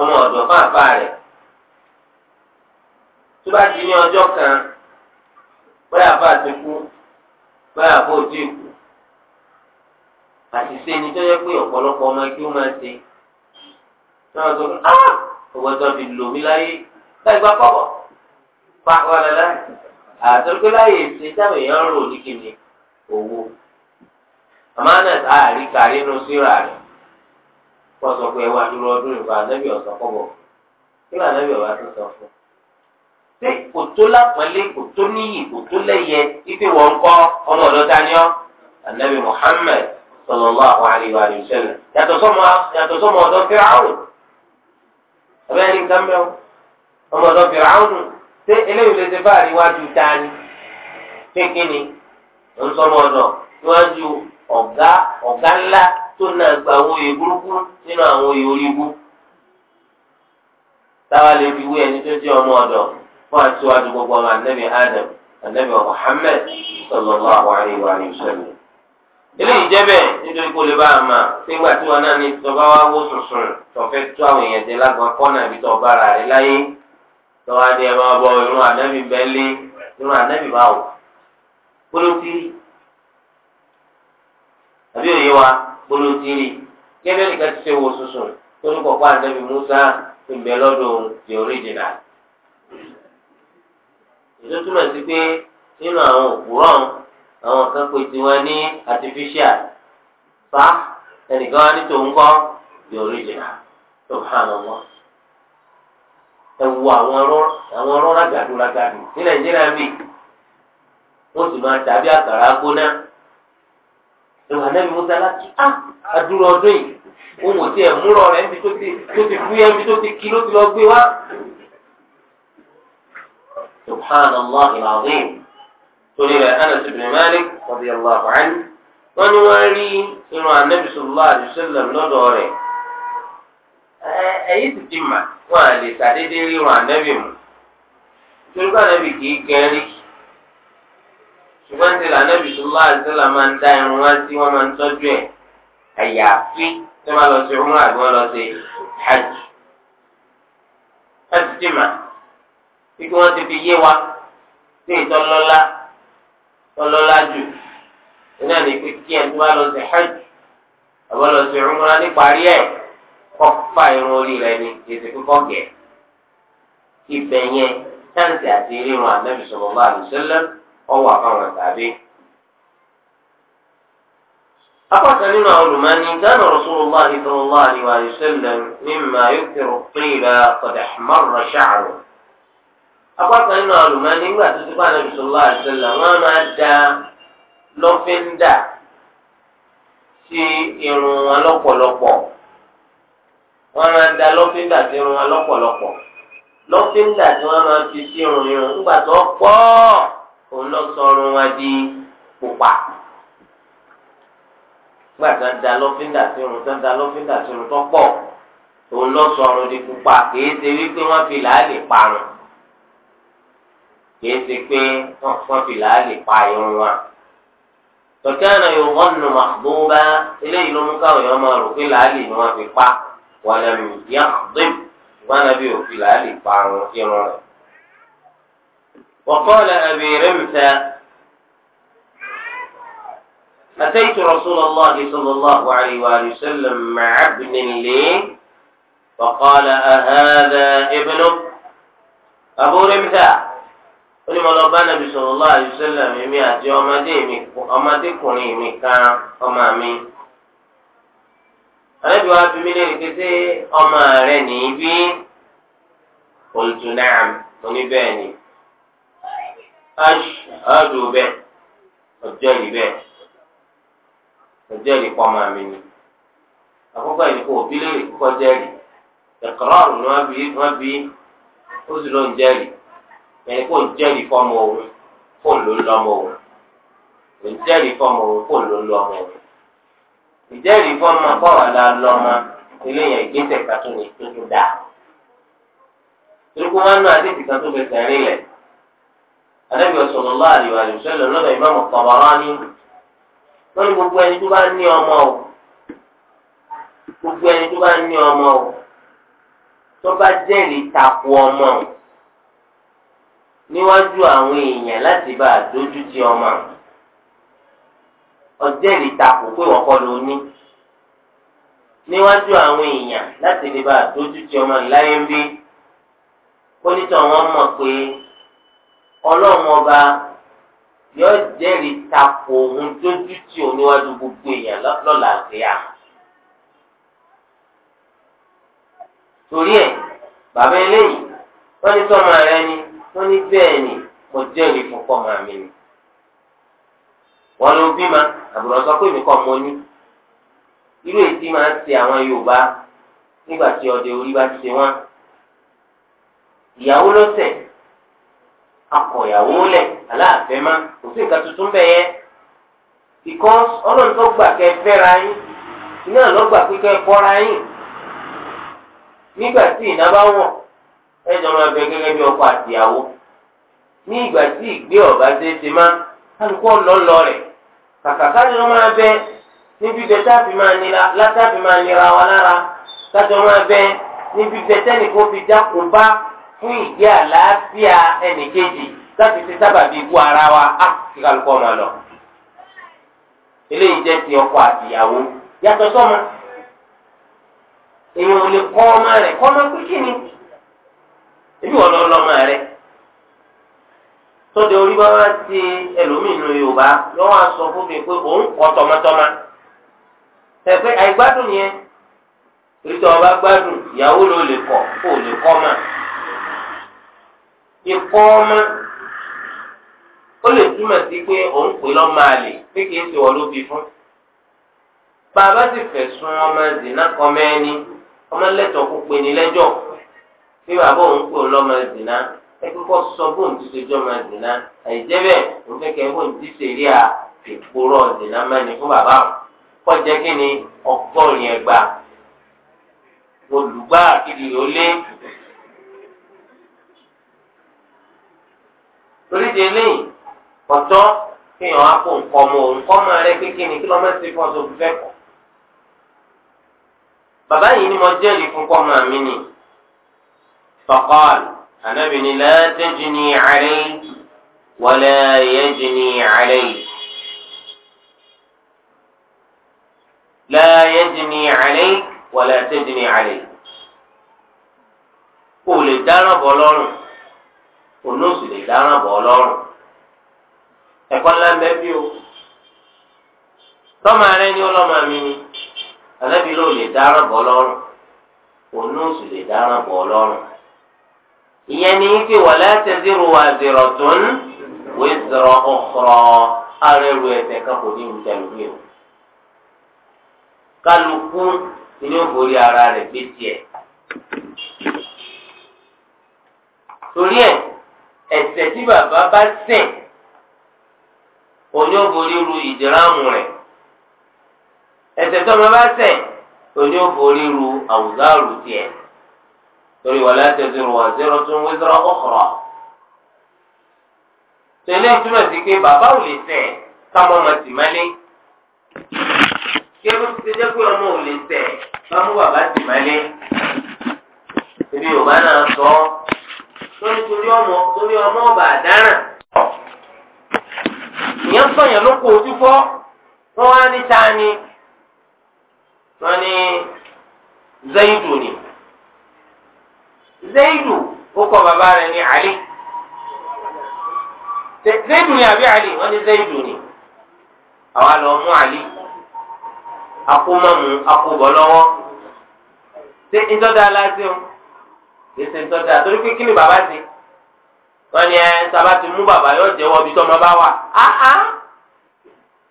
ọmọ ọ̀dọ̀ fáfá rẹ̀ tó bá ti ní ọjọ́ kan bóyá bá ti kú bóyá bó ti kú àṣìṣe ni tó yẹ pé ọ̀pọ̀lọpọ̀ ọmọ kí ó máa ṣe náà sọ pé ah ọ̀wọ́ tó fi lò mí láyé láì gbà pọ̀pọ̀ pa wàlẹ̀ láì àtọ́lùkọ́ láyé ṣe táwọn èèyàn ń rò ní kíni owó àmọ́ náà àárí kárí inú síra rẹ̀. kó sọ pé wá dúró ọdún ìfọ ànábì ọ̀sán kọ́bọ̀ kí ló ànábì ọ̀wá tó sọ fún un. ṣé kò tó kò tó níyì kò tó lẹ́yẹ ipe wọn kọ́ ọmọ ọ̀dọ́ dání ọ́ ànábì Muhammad sallallahu alaihi wa sallam yàtọ̀ sọmọ abẹ́rẹ́ nǹkan mẹ́wọ́ ọmọ ṣé eléyìí lè ṣe wájú tó náà gba àwọn oyè burúkú nínú àwọn oyè oríbú táwa lè fi wé ẹni tó jẹ́ ọmọ ọ̀dọ̀ fún àtiwájú adam anabi muhammed sallallahu alayhi wa sallam eléyìí jẹ́ bẹ́ẹ̀ nítorí kó lè bá a tí wọn náà ní tọba wá wó sùnsùn tọfẹ tó àwọn èèyàn láyé ẹ máa bọ irun irun gbolotiri kébé nìkan ti ṣe wo sùsùn torúkọ pa ànábì Musa ìgbẹ lọ́dọ̀ the original èso túmọ̀ sí pé nínú àwọn òkúrọ̀ àwọn kan pè tiwọn ní artificial fa ẹnìkan wá ní tòun kọ́ the original subhanallah ẹ wo àwọn ọ̀rọ̀ àwọn ọ̀rọ̀ rágàdúrágàdù ní Nàìjíríà mi wọ́n sì máa tàbí àkàrà gbóná. ẹ̀wọ̀n anábì musa láti á ah, àdúrà ọdún yìí òun ò tiẹ̀ múrọ̀ rẹ̀ níbi tó ti tó ti fúyẹ́ níbi tó ti kí ló ti lọ gbé wá. subhanallah ṣùgbọ́n ti là nẹ́bí sọlá àdìsọ́là máa ń dá irun wá sí wọ́n máa ń tọ́jú ẹ̀ àyàfi tí wọ́n lọ sí umrah àbí wọ́n lọ sí hajj. láti ti mà kíkí wọ́n ti fi yé wa sí ìtọ́lọ́lá tọ́lọ́lá jù nínú àná ìpè kí ẹ̀ tí wọ́n lọ sí hajj àbí lọ sí umrah níparí ẹ̀ kọ́ fà irun orí rẹ̀ ni èsì kíkọ́ gẹ̀. ibẹ̀ yẹn táǹtì àti irun ànábì sọlá àdìsọ́là ọwọ́ àfàwọn tàbí. apáta nínú àwọn olùmọ́ni gánà Rasulullahi sallallahu alaihi wa sallam mimma yukthiru qila qad ihmarra sha'ru. apáta nínú àwọn olùmọ́ni nígbà tó ti bá nàbì sallallahu alaihi wa sallam wọ́n máa da lọ́fíńdà sí irun wọn lọ́pọ̀lọpọ̀ wọ́n máa da lọ́fíńdà sí irun wọn lọ́pọ̀lọpọ̀ lọ́fíńdà tí wọ́n máa fi sí irun irun ńgbà tó pọ̀ òun lọ sọrun wọn di pupa gbà tó ń da lọ́fíńdà sí irun tó ń da lọ́fíńdà sí irun tó pọ̀ òun lọ sọrun di pupa kìí ṣe wípé wọ́n fi làálì parun kìí ṣe pé wọ́n fi làálì pa irun wa tọ́kẹ́rẹ́ yóò wọ́n nù màgbóńbá eléyìí ló mú káwọn èèyàn máa rò pé làálì ni wọ́n fi pa wọ́n lẹ́nu yá dé wọ́n náà bí òfin làálì parun irun rẹ̀. وقال أبي رمثة أتيت رسول الله صلى الله عليه وآله وسلم مع ابن لي فقال أهذا ابنك أبو رمثة قلما لبى النبي صلى الله عليه وسلم يميات يوم ديمك وأما تكوني مكا أمامي أنا دعا بمين الكتي أما رني بي قلت نعم تنبيني ashhadu bẹ́ẹ̀ ọjọ́ yìí bẹ́ẹ̀ ọjọ́ yìí kọ́ máa mi ni àkọ́kọ́ yìí kò bí lè kọ́ jẹ́rìí ìkọ́rọ̀rù ni wọ́n bí wọ́n bí ó sì ló ń jẹ́rìí ẹni kò ń jẹ́rìí fọ́mọ òun kò ló ń lọ́mọ òun kò ń jẹ́rìí fọ́mọ òun kò ló la lọ́mọ eléyàn ìgbésẹ̀ kan tó ní tó tún dáa torí kó ti kan tó fẹsẹ̀ rìn anabi sallallahu alaihi wa sallam lọ́dọ̀ ìmáàmù Tabarani wọ́n ní gbogbo ẹni tó bá ní ọmọ o gbogbo ẹni tó bá ní ọmọ o tó bá jẹ́rìí takò ọmọ o níwájú àwọn èèyàn láti bá a dójú ti ọmọ ọjẹ́rìí takò pé wọ́n kọ́ ló ní níwájú àwọn èèyàn láti lè bá a dójú ti ọmọ láyé ń bí onítọ̀ wọn mọ̀ pé. ọlọ́run ọba yóò jẹ́rìí tako ohun dójú tì ó níwájú gbogbo èèyàn lọ́la àgbéyà. torí ẹ̀ bàbá eléyìí wọ́n ní sọ́mọ rẹ ni wọ́n ní bẹ́ẹ̀ ni mo jẹ́rìí fún kọ́mọ mi ni. wọ́n ló bímọ àbúrò sọ pé mi kọ́ mọ ní. irú èyí tí máa ń ṣe àwọn Yorùbá nígbà tí ọdẹ orí bá ti ṣe wọ́n. ìyàwó ló akọ̀yàwó lẹ̀ aláàfẹ́ má ma sí nǹkan tuntun bẹ́ẹ̀ yẹn because ọlọ́run gbà kẹ́ fẹ́ra yín iná lọ́gbà pé kọ́ra yín nígbà tí wọ̀ máa bẹ gẹ́gẹ́ bí ọkọ àtìyàwó ní ìgbà tí ìgbé ọ̀bá ṣe ṣe má kálukú ọ̀lọ́lọ rẹ̀ kàkà wa lára máa bẹ níbi fi fún ìdí àlàáfíà ẹnìkejì láti ṣe sábàbí ikú ara wa á kí kálukọ máa lọ eléyìí jẹ́ ti ọkọ àtìyàwó yàtọ̀ sọ́mọ èèyàn ò lè kọ́ ọmọ rẹ̀ kọ́ ọmọ pé kíni ebi lọ lọ́mọ rẹ̀ tọ́jú orí bàbá ti ẹlòmínú yorùbá lọ́wọ́ aṣọ fún mi pé òun kọ́ tọmọtọmọ tẹ̀pẹ́ àìgbádùn yẹn ọba gbádùn ìyàwó ló lè kọ́ kó lè ikọ́ ọmọ ó lè túmọ̀ sí pé òun pè lọ máa lè pé kìí ṣe wọ́n ló bí fún. ti fẹ̀sùn ọmọ zina kan mẹ́ni ọmọ lẹ́tọ̀ọ́ kó lẹ́jọ́ bàbá òun pè lọ́mọ zina ẹ kíkọ́ sọ bóun ti ṣe jọ́mọ zina àìjẹ́ bẹ́ẹ̀ òun fẹ́ kẹ́ bóun ti ṣe rí mẹ́ni fún bàbá kí ni ọgọ́rin ẹgbàá olùgbà ó lé torí di eléyìí ọ̀tọ́ kéèyàn á kó nǹkan mọ nǹkan mọ rẹ kékeré kí lọ́mọ ti fún ọtọ fífẹ́ kọ́. bàbá yìí ni mo jẹ́rìí fún kọ́mọ mi ni faqala Ànábì ni la tajni alayki wala yajni alayki. la yajni alayki wala tajni alayki. kò lè dáná bọ̀ lọ́rùn òun ò sì lè dáràn bọ̀ ọlọ́run ẹ̀kọ́ ńlá ń bẹ bí o tọ́mọ rẹ ní ọlọ́mọ mi ni alẹ́bí ló lè dáràn bọ̀ ọlọ́run òun ò sì lè dáràn bọ̀ ọlọ́run ìyẹn ní pé wala taziru waziratun wizra ukhra arẹ́rù ẹ̀ṣẹ̀ kan kò ní ìlú o kálukú ni ó borí ara rẹ̀ gbé tiẹ̀ torí ẹ̀ ẹ̀ṣẹ̀ tí bàbá bá ṣẹ̀ òní òbòrí ru ìdìrámù rẹ̀ ẹ̀ṣẹ̀ tó ọmọ bá ṣẹ̀ òní òbòrí ru àwùzárù tiẹ̀ torí wàlá tẹsíru wà zero tún wíṣọrọ ọkọrọ tẹ́lẹ̀ túmọ̀ sí pé bàbá ò lè ṣẹ̀ kámọ́ ọmọ tì mẹ́lẹ́ kí ẹnu ti jẹ́ pé ọmọ ò lè ṣẹ̀ kámọ́ bàbá tì mẹ́lẹ́ ibi Yorùbá náà sọ ọ́ lórí torí ọmọ torí ọmọ ọba àdáràn. ìyẹn sọ̀yàn ló kó ojú fọ́ wọ́n wá ní ta ni wọ́n ní zayidu ni zayidu ó kọ bàbá rẹ̀ ní ali zayidu ni àbí ali wọ́n ní zayidu ni àwa lọ mú ali akó mọ́mú akó bọ́ lọ́wọ́ ṣé ìjọ́dá aláṣẹ o èsì ńtọ́jà torí pé kí ni bàbá ti wọ́n ní ẹ sábà ti mú bàbá yóò jẹ́wọ́ bí tọ́mọ bá wà áá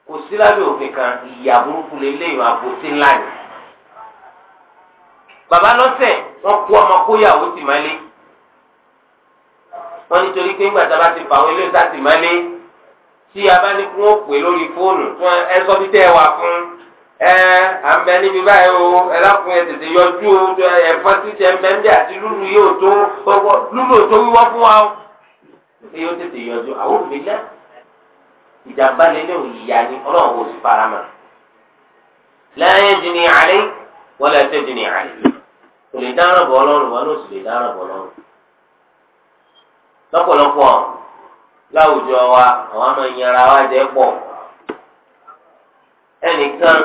kò sí lábẹ́ òfin kan ìyà burúkú lélẹ́yìn àbòsí ńlá ni bàbá lọ́sẹ̀ wọ́n kó ọmọ kóyàwó tì mọ́lé wọ́n nítorí pé ńgbà sábà ti fà ilé ìta tì mọ́lé tí a bá pè lórí fóònù fún ẹ sọ bí tẹ́ ẹ wà fún Ee, à ń bẹ níbi báyìí o ẹ lákun tètè yọjú o ẹfọ títẹ ń bẹ níbi àti lulu tó lulu tó fún wa o ẹ yóò tètè yọjú àwọn òbí lẹ ìjàmbá ni Ọlọ́run kò sí farama lẹ́yìn jìnnì àlẹ wọlé ẹsẹ jìnnì àlẹ kò lè dáná bọ Ọlọ́run wọn ló sì lè dáná lọ́pọ̀lọpọ̀ láwùjọ wa àwọn ọmọ wa ẹnìkan.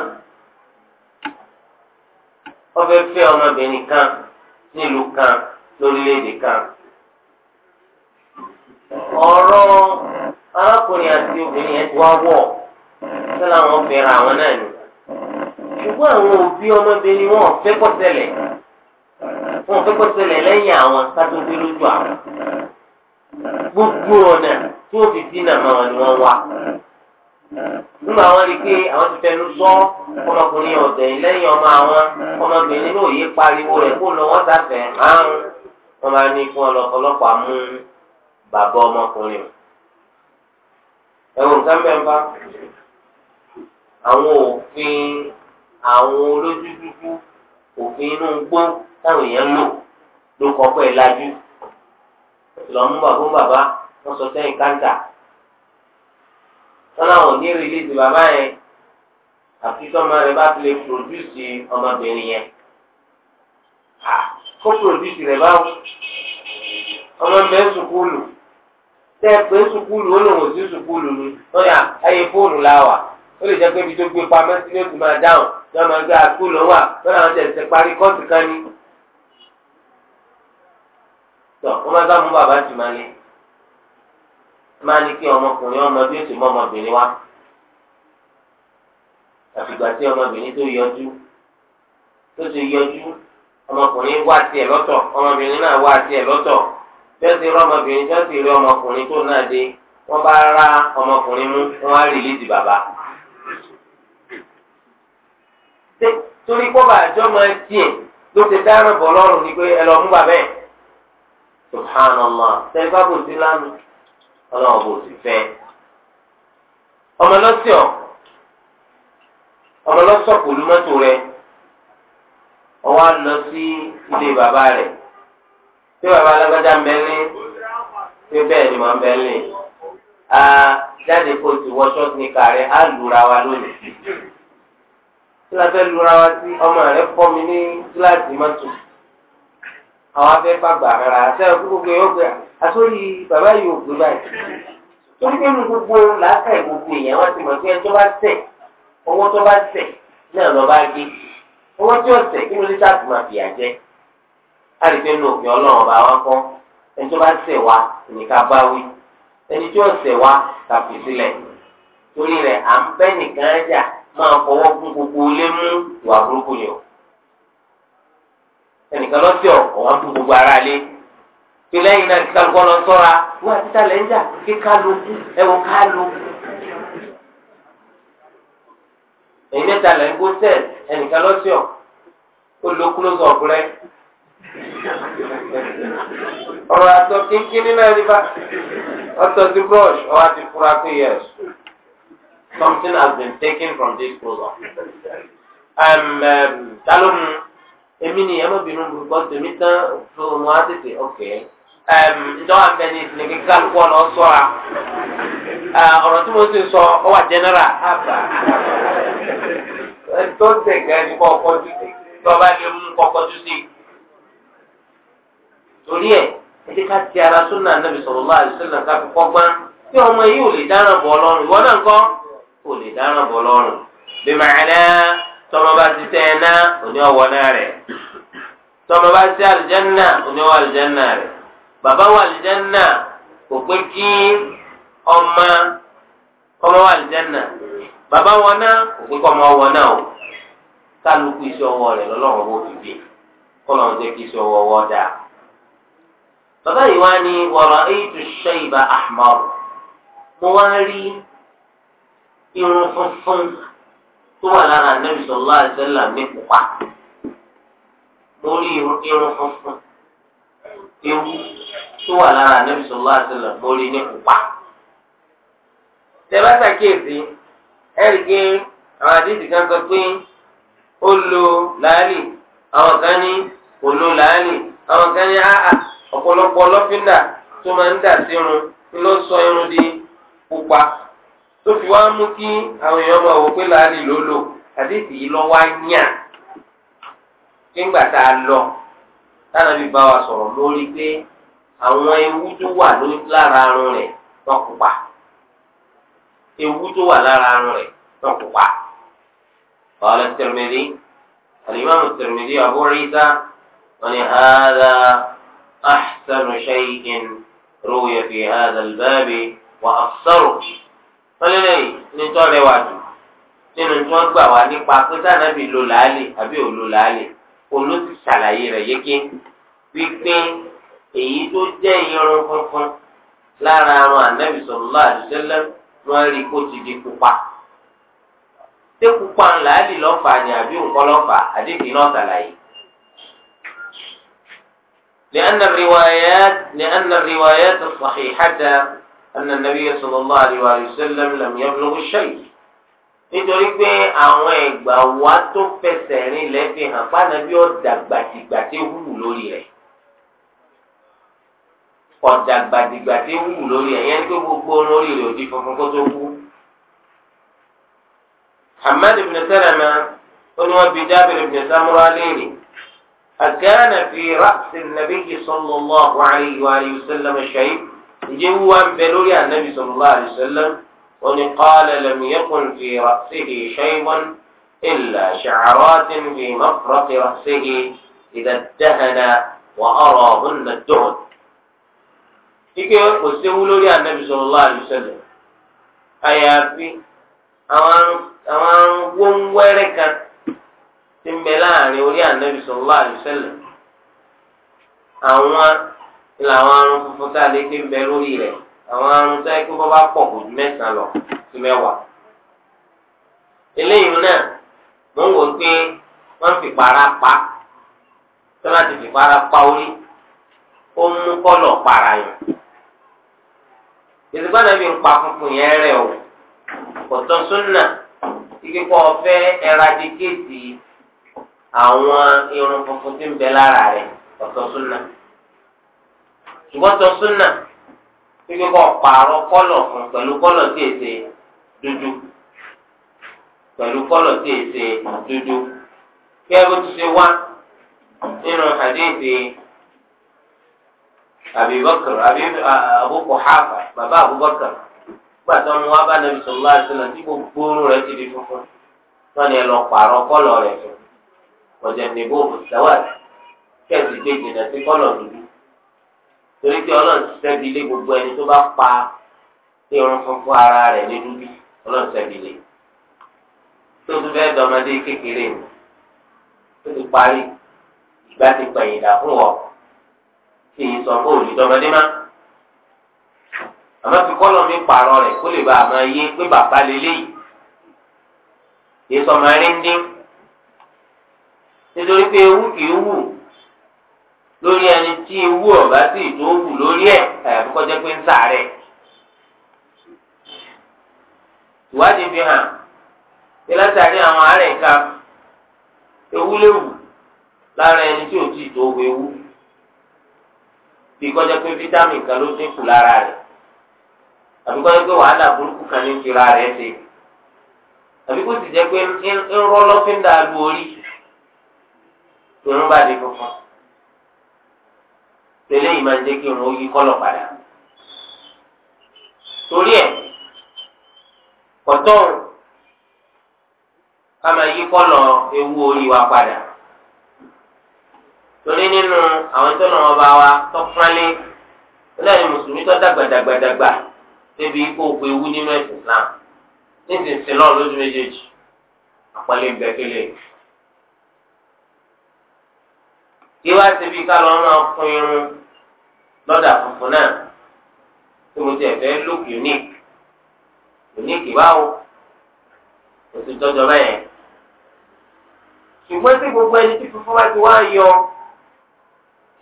wọ́n fẹ́ fẹ́ ọmọbìnrin kan nílùú kan lórílẹ̀‐èdè kan. ọ̀rọ̀ arákùnrin àti obìnrin yẹn ti wá wọ̀ ṣé làwọn fẹ́ra àwọn náà ni. ṣùgbọ́n àwọn òbí ọmọbìnrin wọn fẹ́ kó ṣẹlẹ̀ wọn fẹ́ kó ṣẹlẹ̀ lẹ́yìn àwọn sátúndé lójú àwọn. gbogbo ọ̀nà tí wọ́n fi dínà máa ni wọ́n wá nígbà wọn rí i pé àwọn ti fẹnu sọ ọmọkùnrin ọ̀dẹ̀ lẹ́yìn ọmọ àwọn ọmọbìnrin náà yé pariwo rẹ̀ kó lọ wọ́n sàfẹ́ márùn wọn máa ní fún ọlọ́pọ̀lọpọ̀ àmú bàbá ọmọkùnrin ẹ̀wọ̀n nǹkan bẹ́ẹ̀ bá àwọn òfin àwọn olójú dúdú òfin inú gbó táwọn èèyàn lò ló kọ́ pẹ́ lajú lọ́mú bàbá wọn sọ sẹ́yìn káńtà sọláwọn ní rìlíìsì bàbá yẹn àti sọmọ rẹ bá ti lè pòdúsì ọmọbìnrin yẹn kó pòdúsì rẹ báwo ọmọ bẹ́ẹ̀ sùkúlù tẹ ẹ pé sùkúlù ó lòun ò sí sùkúlù ni lọ́yà ayé fóònù la wà ó lè jẹ́ pé ibi tó gbé pamọ́ sí ló ti máa dáhùn ní ọmọ ẹgbẹ́ àkúlù wà lọ́nà àwọn tẹ̀sẹ̀ parí kọ́ọ̀tù kan ní. tọ́ wọ́n máa bá mú bàbá jù máa lé. máa ní kí ọmọkùnrin ọmọdé bí ó mọ ọmọbìnrin wá àfìgbà tí ọmọbìnrin tó yọjú tó ti yọjú ọmọkùnrin wá tiẹ̀ lọ́tọ̀ ọmọbìnrin náà wá ti rí ọmọbìnrin ti rí ọmọkùnrin tó náà dé wọn bá ra ọmọkùnrin mú wọn á bàbá. torí kọ́ba àjọ máa tiẹ̀ ló ti bọ̀ lọ́rùn ẹ lọ mú bàbá subhanallah ọlọ́run bò sì fẹ́ ọmọ lọ́sọ̀ ọmọ lọ́sọ̀ kò lu mọ́tò rẹ ọwọ́ á lọ sí ilé bàbá rẹ̀ tí bàbá alágbádá ń bẹ ní tí bẹ́ẹ̀ ni wọ́n ń bẹ ní jáde kó o ti wọ ṣọ́ọ̀tì ní kàrẹ́ á lura wa lónìí tí wọ́n fẹ́ lura wa sí ọmọ rẹ̀ fọ́ mi ní kíláàsì mọ́tò àwọn afẹ́fà gbà rárá àti àwọn gbogbo yóò gbé àsórí bàbá yìí ò gbé báyìí torí pé nu gbogbo làákàyè gbogbo èèyàn wọn ti mọ̀ pé ẹjọ́ bá tẹ̀ owó tó bá tẹ̀ náà lọ bá gé owó tí ó tẹ̀ kí ló dé sáà máa fìyà jẹ láti pé nu òfin ọlọ́run ọba wa kọ́ ẹni tó bá tẹ̀ wá ní ká bá wí ẹni tí ó wá ká fi sílẹ̀ torí rẹ̀ à ń bẹ́ nìkan jà máa fọwọ́ fún gbogbo lé mú ìwà burúkú ni o ẹnìkan lọ sí ọ̀kọ̀ wọn bú gbogbo ara lé pé lẹ́yìn náà kíkà lọ́kọ́ lọ sọ́ra wọ́n àti sálẹ̀ kí ká ló ẹ wọ ká ló. ń kó sẹ́ẹ̀ ẹnìkan lọ sí ọ̀ ó lo kúlóṣọ̀ ọ̀kúrẹ́ ọ̀rọ̀ àtọ̀ kínkín nínú ẹni bá ọ̀tọ̀ sí brush ọ̀rọ̀ àti fura pé yes something has been taken from this program. Um, um, èmi nìyẹn mo bínú gbọ́ tèmi tán tó mo á tètè ọ̀kẹ́ ǹjọ́ abẹ ni ìsìnkú kíkà lùkọ́ lọ sọ́ra ọ̀rọ̀ tí mo ti sọ ọ wà jẹ́nẹ́rà àbá tó tẹ̀ gẹ́gẹ́ kọ́ ọkọ́jú sí tọ́ba lè mú kọ́ ọkọ́jú sí. torí ká ti ara nàbì sọ̀rọ̀ lọ́wọ́ ká fi tí ọmọ yìí ò lè dáràn bọ̀ ọlọ́run ìwọ náà kọ́ ò lè dáràn bọ̀ ọlọ́run bí màá tọmọ bá ti tẹ ẹ náà òní ọwọ náà rẹ tọmọ bá ti àlùjánnà òní ọwọ àlùjánnà rẹ bàbá wà àlùjánnà kò pé kí ọmọ ọmọ wà àlùjánnà bàbá wọn náà kò pé kí ọmọ wọn náà o kálukú iṣẹ́ ọwọ́ rẹ̀ lọ́lọ́run bó fi gbé kọlọrun jẹ kí iṣẹ́ ọwọ́ wọn dáa bàbá yìí wá ní wọrọ eitu shayba ahmar mo wá rí irun funfun. tó wà lára Ànábì sallallahu alaihi wasallam ní pupa mo irun funfun ewu tó wà lára Ànábì sallallahu alaihi wasallam ní pupa. tẹ́lá ṣàkíyèsí ẹ̀rí pé àwọn àdéhùn kan sọ pé ó lo làálì àwọn kan ní kò lo irun di pupa. tó fi wá mú kí àwọn èèyàn máa wò pé láàlì ló lò àdéhùn yìí lọ́wọ́ á yàn nígbà tá a lọ táwọn ibi bá wa sọ̀rọ̀ lórí pé àwọn ewu tó wà lára arun rẹ̀ wọ́n ewu tó wà lára arun rẹ̀ wọ́n kó pa. قال الترمذي الإمام الترمذي أبو عيسى ولهذا أحسن شيء روي في هذا الباب وأفسره wọ́n lé lẹ́yìn ní tọ́ rẹwà jù nínú tí wọ́n gbà wá nípa pé sànàbì lò láàlè àbí ò lò láàlè olú ti ṣàlàyé rẹ̀ yéké wípé èyí tó jẹ́ irun funfun lára àwọn ànábì sallallahu alaihi wasallam wọ́n rí kó ti di pupa ṣé pupa làálì lọ́fà ni àbí nǹkan lọ́fà àdébì náà ṣàlàyé. لأن الروايات لأن الروايات الصحيحة أن النبي صلى الله عليه وسلم لم يبلغ الشيء nítorí pé àwọn ìgbà wa tó fẹsẹ̀ rìn lẹ́fì hàn pànàbí ọ̀dà gbàdìgbà tí ó wù lórí rẹ̀ ọ̀dà gbàdìgbà tí ó wù lórí rẹ̀ yẹn pé gbogbo lórí rẹ̀ òdi funfun kó tó kú. Ahmad ibn Salama ó ní wọ́n bi Jabir ibn Samura léèrè àgánà fi ra'si nàbíyí sallallahu alayhi wa sallam ǹjẹ́ wíwá ń bẹ lórí ànábì sallallahu alaihi wasallam wọ́n ní qala lam yakun fi ra'sihi shay'un illa sha'ratin fi mafraqi ra'sihi idha iddahana wa arahunna ad-duhn. ike kò séwu lórí ànábì sallallahu alaihi wasallam àyàfi àwọn wọ́n wẹ́rẹ́ kan ti ń bẹ láàrin orí ànábì sallallahu alaihi wasallam àwọn. ní làwọn arún funfun tá a lé pé ń bẹ lórí rẹ̀ àwọn arún tó yẹ kó bọ́ bá pọ̀ kò ju mẹ́sàn lọ sí mẹ́wàá. eléyìí náà mò ń wò pé wọ́n fi para pa tí wọ́n ti fi para pa orí ó ń mú kọ́lọ̀ para yàn. ìsìnkú náà fi ń pa funfun yẹn rẹ̀ o kò tọ́ súnà kíkọ́ fẹ́ ẹradíkéètì àwọn irun funfun tí ń bẹ lára rẹ̀ kò tọ́ súnà ìwọ́n sọ súnà pípé kọ́ pààrọ̀ kọ́lọ̀ fún pẹ̀lú kọ́lọ̀ tí èsè dúdú pẹ̀lú kọ́lọ̀ tí èsè dúdú kí ẹ bó ti ṣe wá nínú hadithi abibakar abubuhafa baba abubakar gbàtọ́ mu wá bá nàbì sallallahu alaihi wasallam tí gbogbo rẹ̀ ti di funfun wọ́n ní ẹ lọ pààrọ̀ kọ́lọ̀ rẹ̀ fún ọ̀jẹ̀ nìbó sawad kẹ́sì gbé jìnnà sí kọ́lọ̀ dúdú torí pé ọlọ́run ti sẹ́bi lé gbogbo ẹni tó bá pa irun funfun ara rẹ̀ ní dúdú ọlọ́run sẹ́bi lé tó tún fẹ́ dọmọdé kékeré ni tó ti parí ìgbà ti pẹ̀yìn dà fún ọ tí èyí sọ fún òní dọmọdé má àmọ́ fi kọ́lọ̀ mi pààrọ̀ rẹ̀ kó lè bá a yé pé bàbá lélẹ́yìí èyí sọ máa dín nítorí pé ewu kì í wù. lórí ẹni tí ewu ọ̀bá sí ìdówù lórí ẹ̀ àyàfi kọjá pé ń sàárẹ̀. ìwádìí fi hàn pé látàrí àwọn àárẹ̀ ká ewu léwu lára ẹni tí ò tí tó owó ewu bí kọjá pé fítámìn kan ló dínkù lára rẹ̀ àbí kọjá pé wàhálà burúkú kan ní fira rẹ̀ ṣe àbí sì jẹ́ pé ń rọ́ lọ́fíńdà lu orí tòun bá di funfun. tẹ́lẹ̀ yìí máa ń jẹ́ kí irun ó yí kọ́lọ̀ padà torí ewu orí wa padà torí nínú àwọn tó náà bá wa tó fúnlé lẹ́yìn mùsùlùmí tó dàgbàdàgbàdàgbà débi ewu nínú ẹ̀sìn Islam nísinsìnyí lọ́ọ̀ lójú méjèèjì àpọ́nlé ń bẹ kélé kí wá síbi ká máa irun. lọ́dà funfun náà tí mo ti ẹ̀fẹ́ look unique unique báwo o ti tọ́jọ́ bẹ́ẹ̀. ṣùgbọ́n tí gbogbo ẹni tí funfun bá ti wá yọ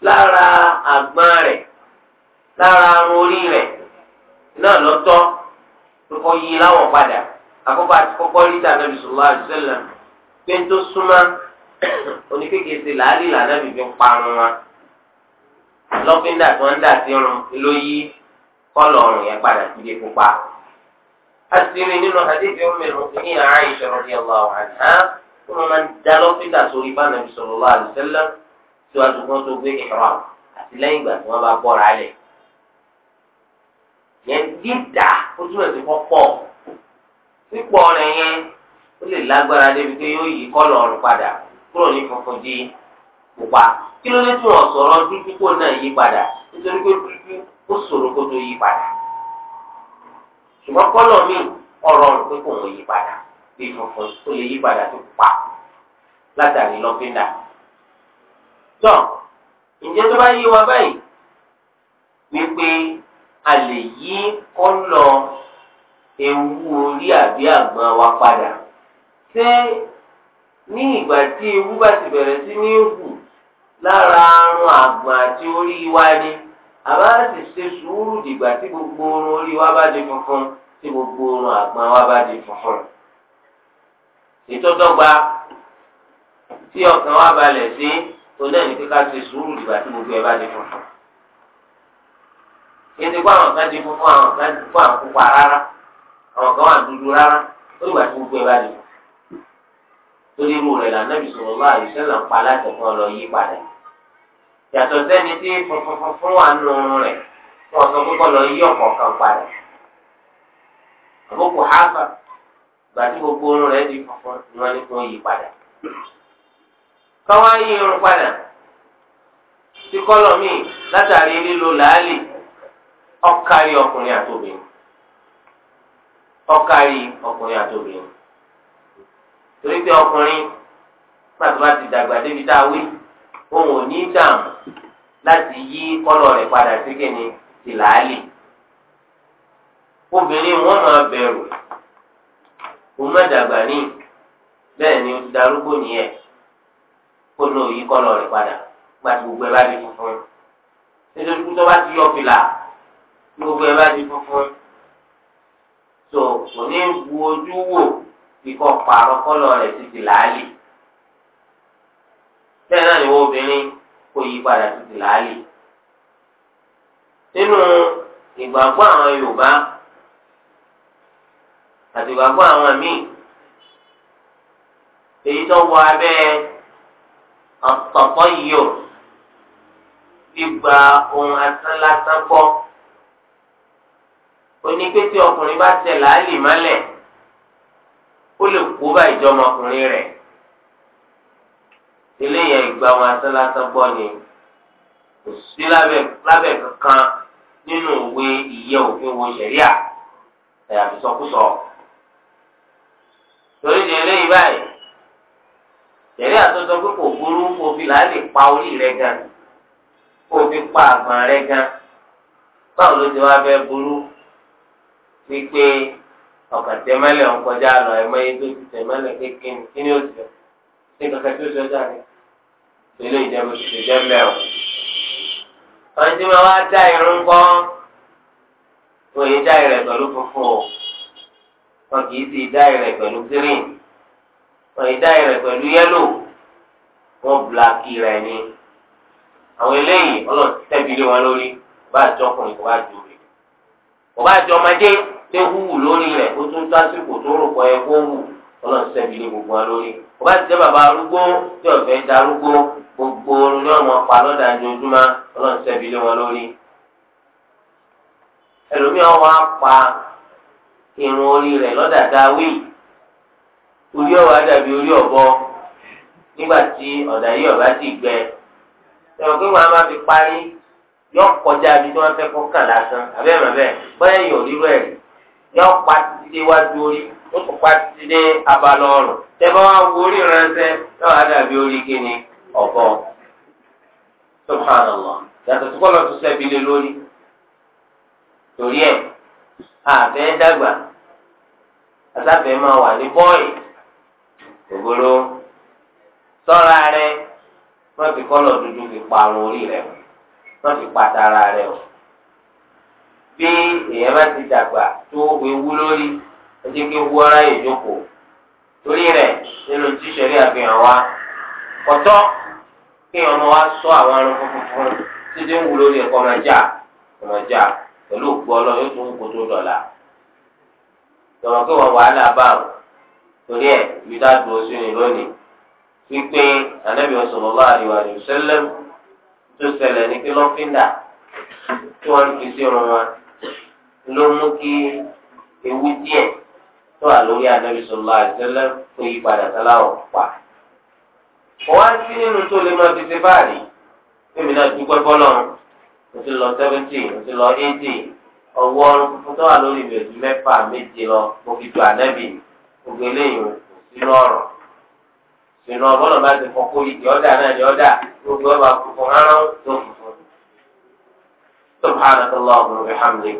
lára àgbọn rẹ̀ lára arun orí rẹ̀ náà lọ́tọ́ kókó yí láwọ̀ padà àkọ́kọ́ àti kọ́kọ́ rí tà nàbì sallallahu alaihi pé ń tó súnmọ́ oníkékèké ṣe làálì làánàbì fi ń parun wọn lọ́fíńdà tí wọ́n ń dà sí irun ló yí kọ́lọ̀ ọ̀rùn yẹn padà sí ibi pupa. a ti rí nínú àdébí omi ìrùn ní Àìṣà radiyallahu anha tó máa ń da lọ́fíńdà sórí bá nàbì sallallahu alaihi wasallam tí wọ́n tó kán tó gbé ìrọ̀ àti lẹ́yìn ìgbà tí wọ́n bá bọ́ra lẹ̀. yẹn dídà ó túmọ̀ sí pọ́pọ́ pípọ̀ rẹ̀ yẹn ó lè lágbára débi pé yóò yí kọ́lọ̀ ọ̀rùn padà kúrò ní funfun di pupa kí ló dé tí wọn sọ̀rọ̀ dúdú kó náà yí padà nítorí pé dúdú ó ṣòro kó tó yí padà ṣùgbọ́n kọ́lọ̀ mi ọ̀rọ̀ pé kò ń yí padà bí funfun ó lè yí padà tó pa látàrí lọ́fíńdà. tọ́ ǹjẹ́ tó bá yí wa báyìí wípé a lè yí kọ́lọ̀ ewu orí àbí àgbọn wa padà ṣé ní ìgbà tí ewu bá ti bẹ̀rẹ̀ sí ní hù lára àrùn àgbọ̀n àti orí wa ni àbá sì ṣe sùúrù dìgbà tí gbogbo orun orí wa bá di funfun tí gbogbo orun àgbọ̀n wa bá di funfun. ìtọ́dọ́gba tí ọkàn wa balẹ̀ sí oní ẹni kíkà ṣe sùúrù dìgbà tí gbogbo ẹ bá di funfun. ètò ìkó àwọn kan di funfun àwọn kan kó àwọn pupa rárá àwọn kan wà dúdú rárá ó dìgbà tí gbogbo ẹ bá di funfun. torí irú rẹ̀ lànà ìṣòro náà àyùsẹ́ là ń pa aláṣẹ fún ọ lọ yí padà yàtọ̀ sẹ́ni tí funfun fún wa nù rẹ̀ wọ́n sọ pé kọ́lọ̀ yí ọ̀pọ̀ kan padà. àbúkù hafa gbàtí gbogbo orun rẹ̀ di funfun ni wọ́n ní kó yí padà. káwá yí irun padà tí kọ́lọ̀ míì látàrí lílo làálì ọ̀kárí ọkùnrin àtòbìnrin ọ̀kárí ọkùnrin àtòbìnrin torí pé ọkùnrin pàtó bá dàgbà débi tá a wí òun ò ní dààmú láti yí kọ́lọ̀ rẹ̀ padà sí kíni tìláàlì obìnrin wọn máa bẹ̀rù kò má dàgbà ní bẹ́ẹ̀ ni darúgbó nìyẹn kó ní òyí kọ́lọ̀ rẹ̀ padà gbàtí gbogbo ẹ bá di funfun nítorí pé tó ti yọ fìlà gbogbo ẹ bá di funfun tó kò ní wo wò kíkọ́ pààrọ̀ kọ́lọ̀ rẹ̀ sí tìláàlì bẹ́ẹ̀ náà ni wọ́n obìnrin kò yí padà títí láàlì. nínú ìgbàgbọ́ àwọn Yorùbá àti ìgbàgbọ́ àwọn míì èyí tó wọ abẹ́ ọ̀pọ̀pọ̀ yìí gbígba ohun asán lásán kọ́ onípẹ́tì ọkùnrin bá tẹ̀ láàlì mọ́lẹ̀ ó lè kó bá ìjọmọkùnrin rẹ̀ eléyà ìgbà wọn asálásán gbọ́ ni kò sí lábẹ́ kankan nínú òwe ìyẹ́ òfin wo ṣẹ̀ríà ẹ̀yàfi sọkúsọ. torí di eléyìí báyìí ṣẹ̀ríà tó sọ pé kò burú kò fi làálì pa orí rẹ̀ gan kò fi pa àgbọ̀n rẹ̀ gan báwo ló ti wá fẹ́ burú wípé ọkàn tẹ̀mẹ́lẹ̀ ọ̀kọjá lọ ẹ̀mọ́ yìí tó ti tẹ̀mẹ́lẹ̀ kékeré kí ni ó ti fẹ́ ṣé kankan tó ṣọjá ni ilé ìjẹun ti ṣe jẹ́ mẹ́rin. wọ́n ti máa wá dá irun gbọ́ wọ́n yìí dá irẹ̀ pẹ̀lú funfun wọ́n kì í sì dá irẹ̀ pẹ̀lú green wọ́n yìí dá irẹ̀ pẹ̀lú yẹ́lò wọ́n bùlákì rẹ̀ ni. àwọn eléyìí ọlọ́ọ̀tí tẹ́bi wọn lórí kò bá jọ ọkùnrin kò bá jọ obìnrin kò bá jọ ọmọdé tó hùwù lórí rẹ̀ kó tó ń tó àsìkò tó rò pọ̀ ẹ̀ kó hù ọlọ́run sẹ́bi ní gbogbo wa lórí kò bá ti jẹ́ bàbá arúgbó tí ọ̀fẹ́ da arúgbó gbogbo oorun ní ọmọ pa lọ́dà ojoojúmọ́ ọlọ́run sẹ́bi lé wọn lórí. ẹlòmíràn wá pa irun orí rẹ̀ lọ́dà dáwì orí ọ̀wá dàbí orí ọ̀bọ nígbà tí ọ̀dà yìí ọ̀bá ti gbẹ ẹ̀rọ pé wọn a máa fi parí yọ kọjá bí wọn fẹ́ kọ́ kàn lásán àbẹ́rẹ́ bẹ́ẹ̀ bọ́yá yìí ò rí yọ pa títí wájú orí ó tún pa títí ọrùn tẹ́fọ́ orí ránṣẹ́ náà á dàbí orí kíni ọ̀bọ. subhanallah yàtọ̀ tí kọ́lọ̀ tún sẹ́bi lé lórí torí ẹ̀ àfẹ́ dàgbà àtàfẹ́ máa wà ní bọ́ọ̀ì ògbóró sọ́ra rẹ wọ́n kọ́lọ̀ dúdú fi orí rẹ wọ́n rẹ o bí èèyàn bá ti dàgbà tó ewu lórí. ẹjẹ kí ewu ara yìí jókòó torí rẹ̀ nínú tíṣẹrí àfihàn wa ọ̀tọ̀ kí ọmọ wa sọ àwọn arun funfun títí ń wù lórí ẹ̀kọ́ ọmọ jà ọmọ jà pẹ̀lú òkú ọlọ yóò tún kó tó dọ̀la tọmọ kí wọn wàhálà bá wọn torí ẹ̀ ibi dúró sí ni lónìí wípé anabi sallallahu alaihi wa sallam tó ṣẹlẹ̀ ní pé lọ́fíńdà tí wọn kì sí irun wọn ló mú kí ewu díẹ̀ tó wà lórí anabi sọlá àtẹlẹ kó yí padà sáláwọ pa. wọ́n á sí nínú tó lè máa fi ṣe báàlì fíìmù náà dúpẹ́ bọ́lọ́ mo ti lọ seventeen mo ti lọ eighteen ọwọ́ mo tó wà lórí ìbẹ̀rù mẹ́fà méje lọ mo fi ju anabi gbogbo eléyìí sínú ọ̀rọ̀ sínú ọ̀rọ̀ bọ́lọ̀ bá ti fọ́ kó yí ọ̀dà náà di ọ̀dà gbogbo ọba funfun rárá tó funfun. سبحانك اللهم وبحمدك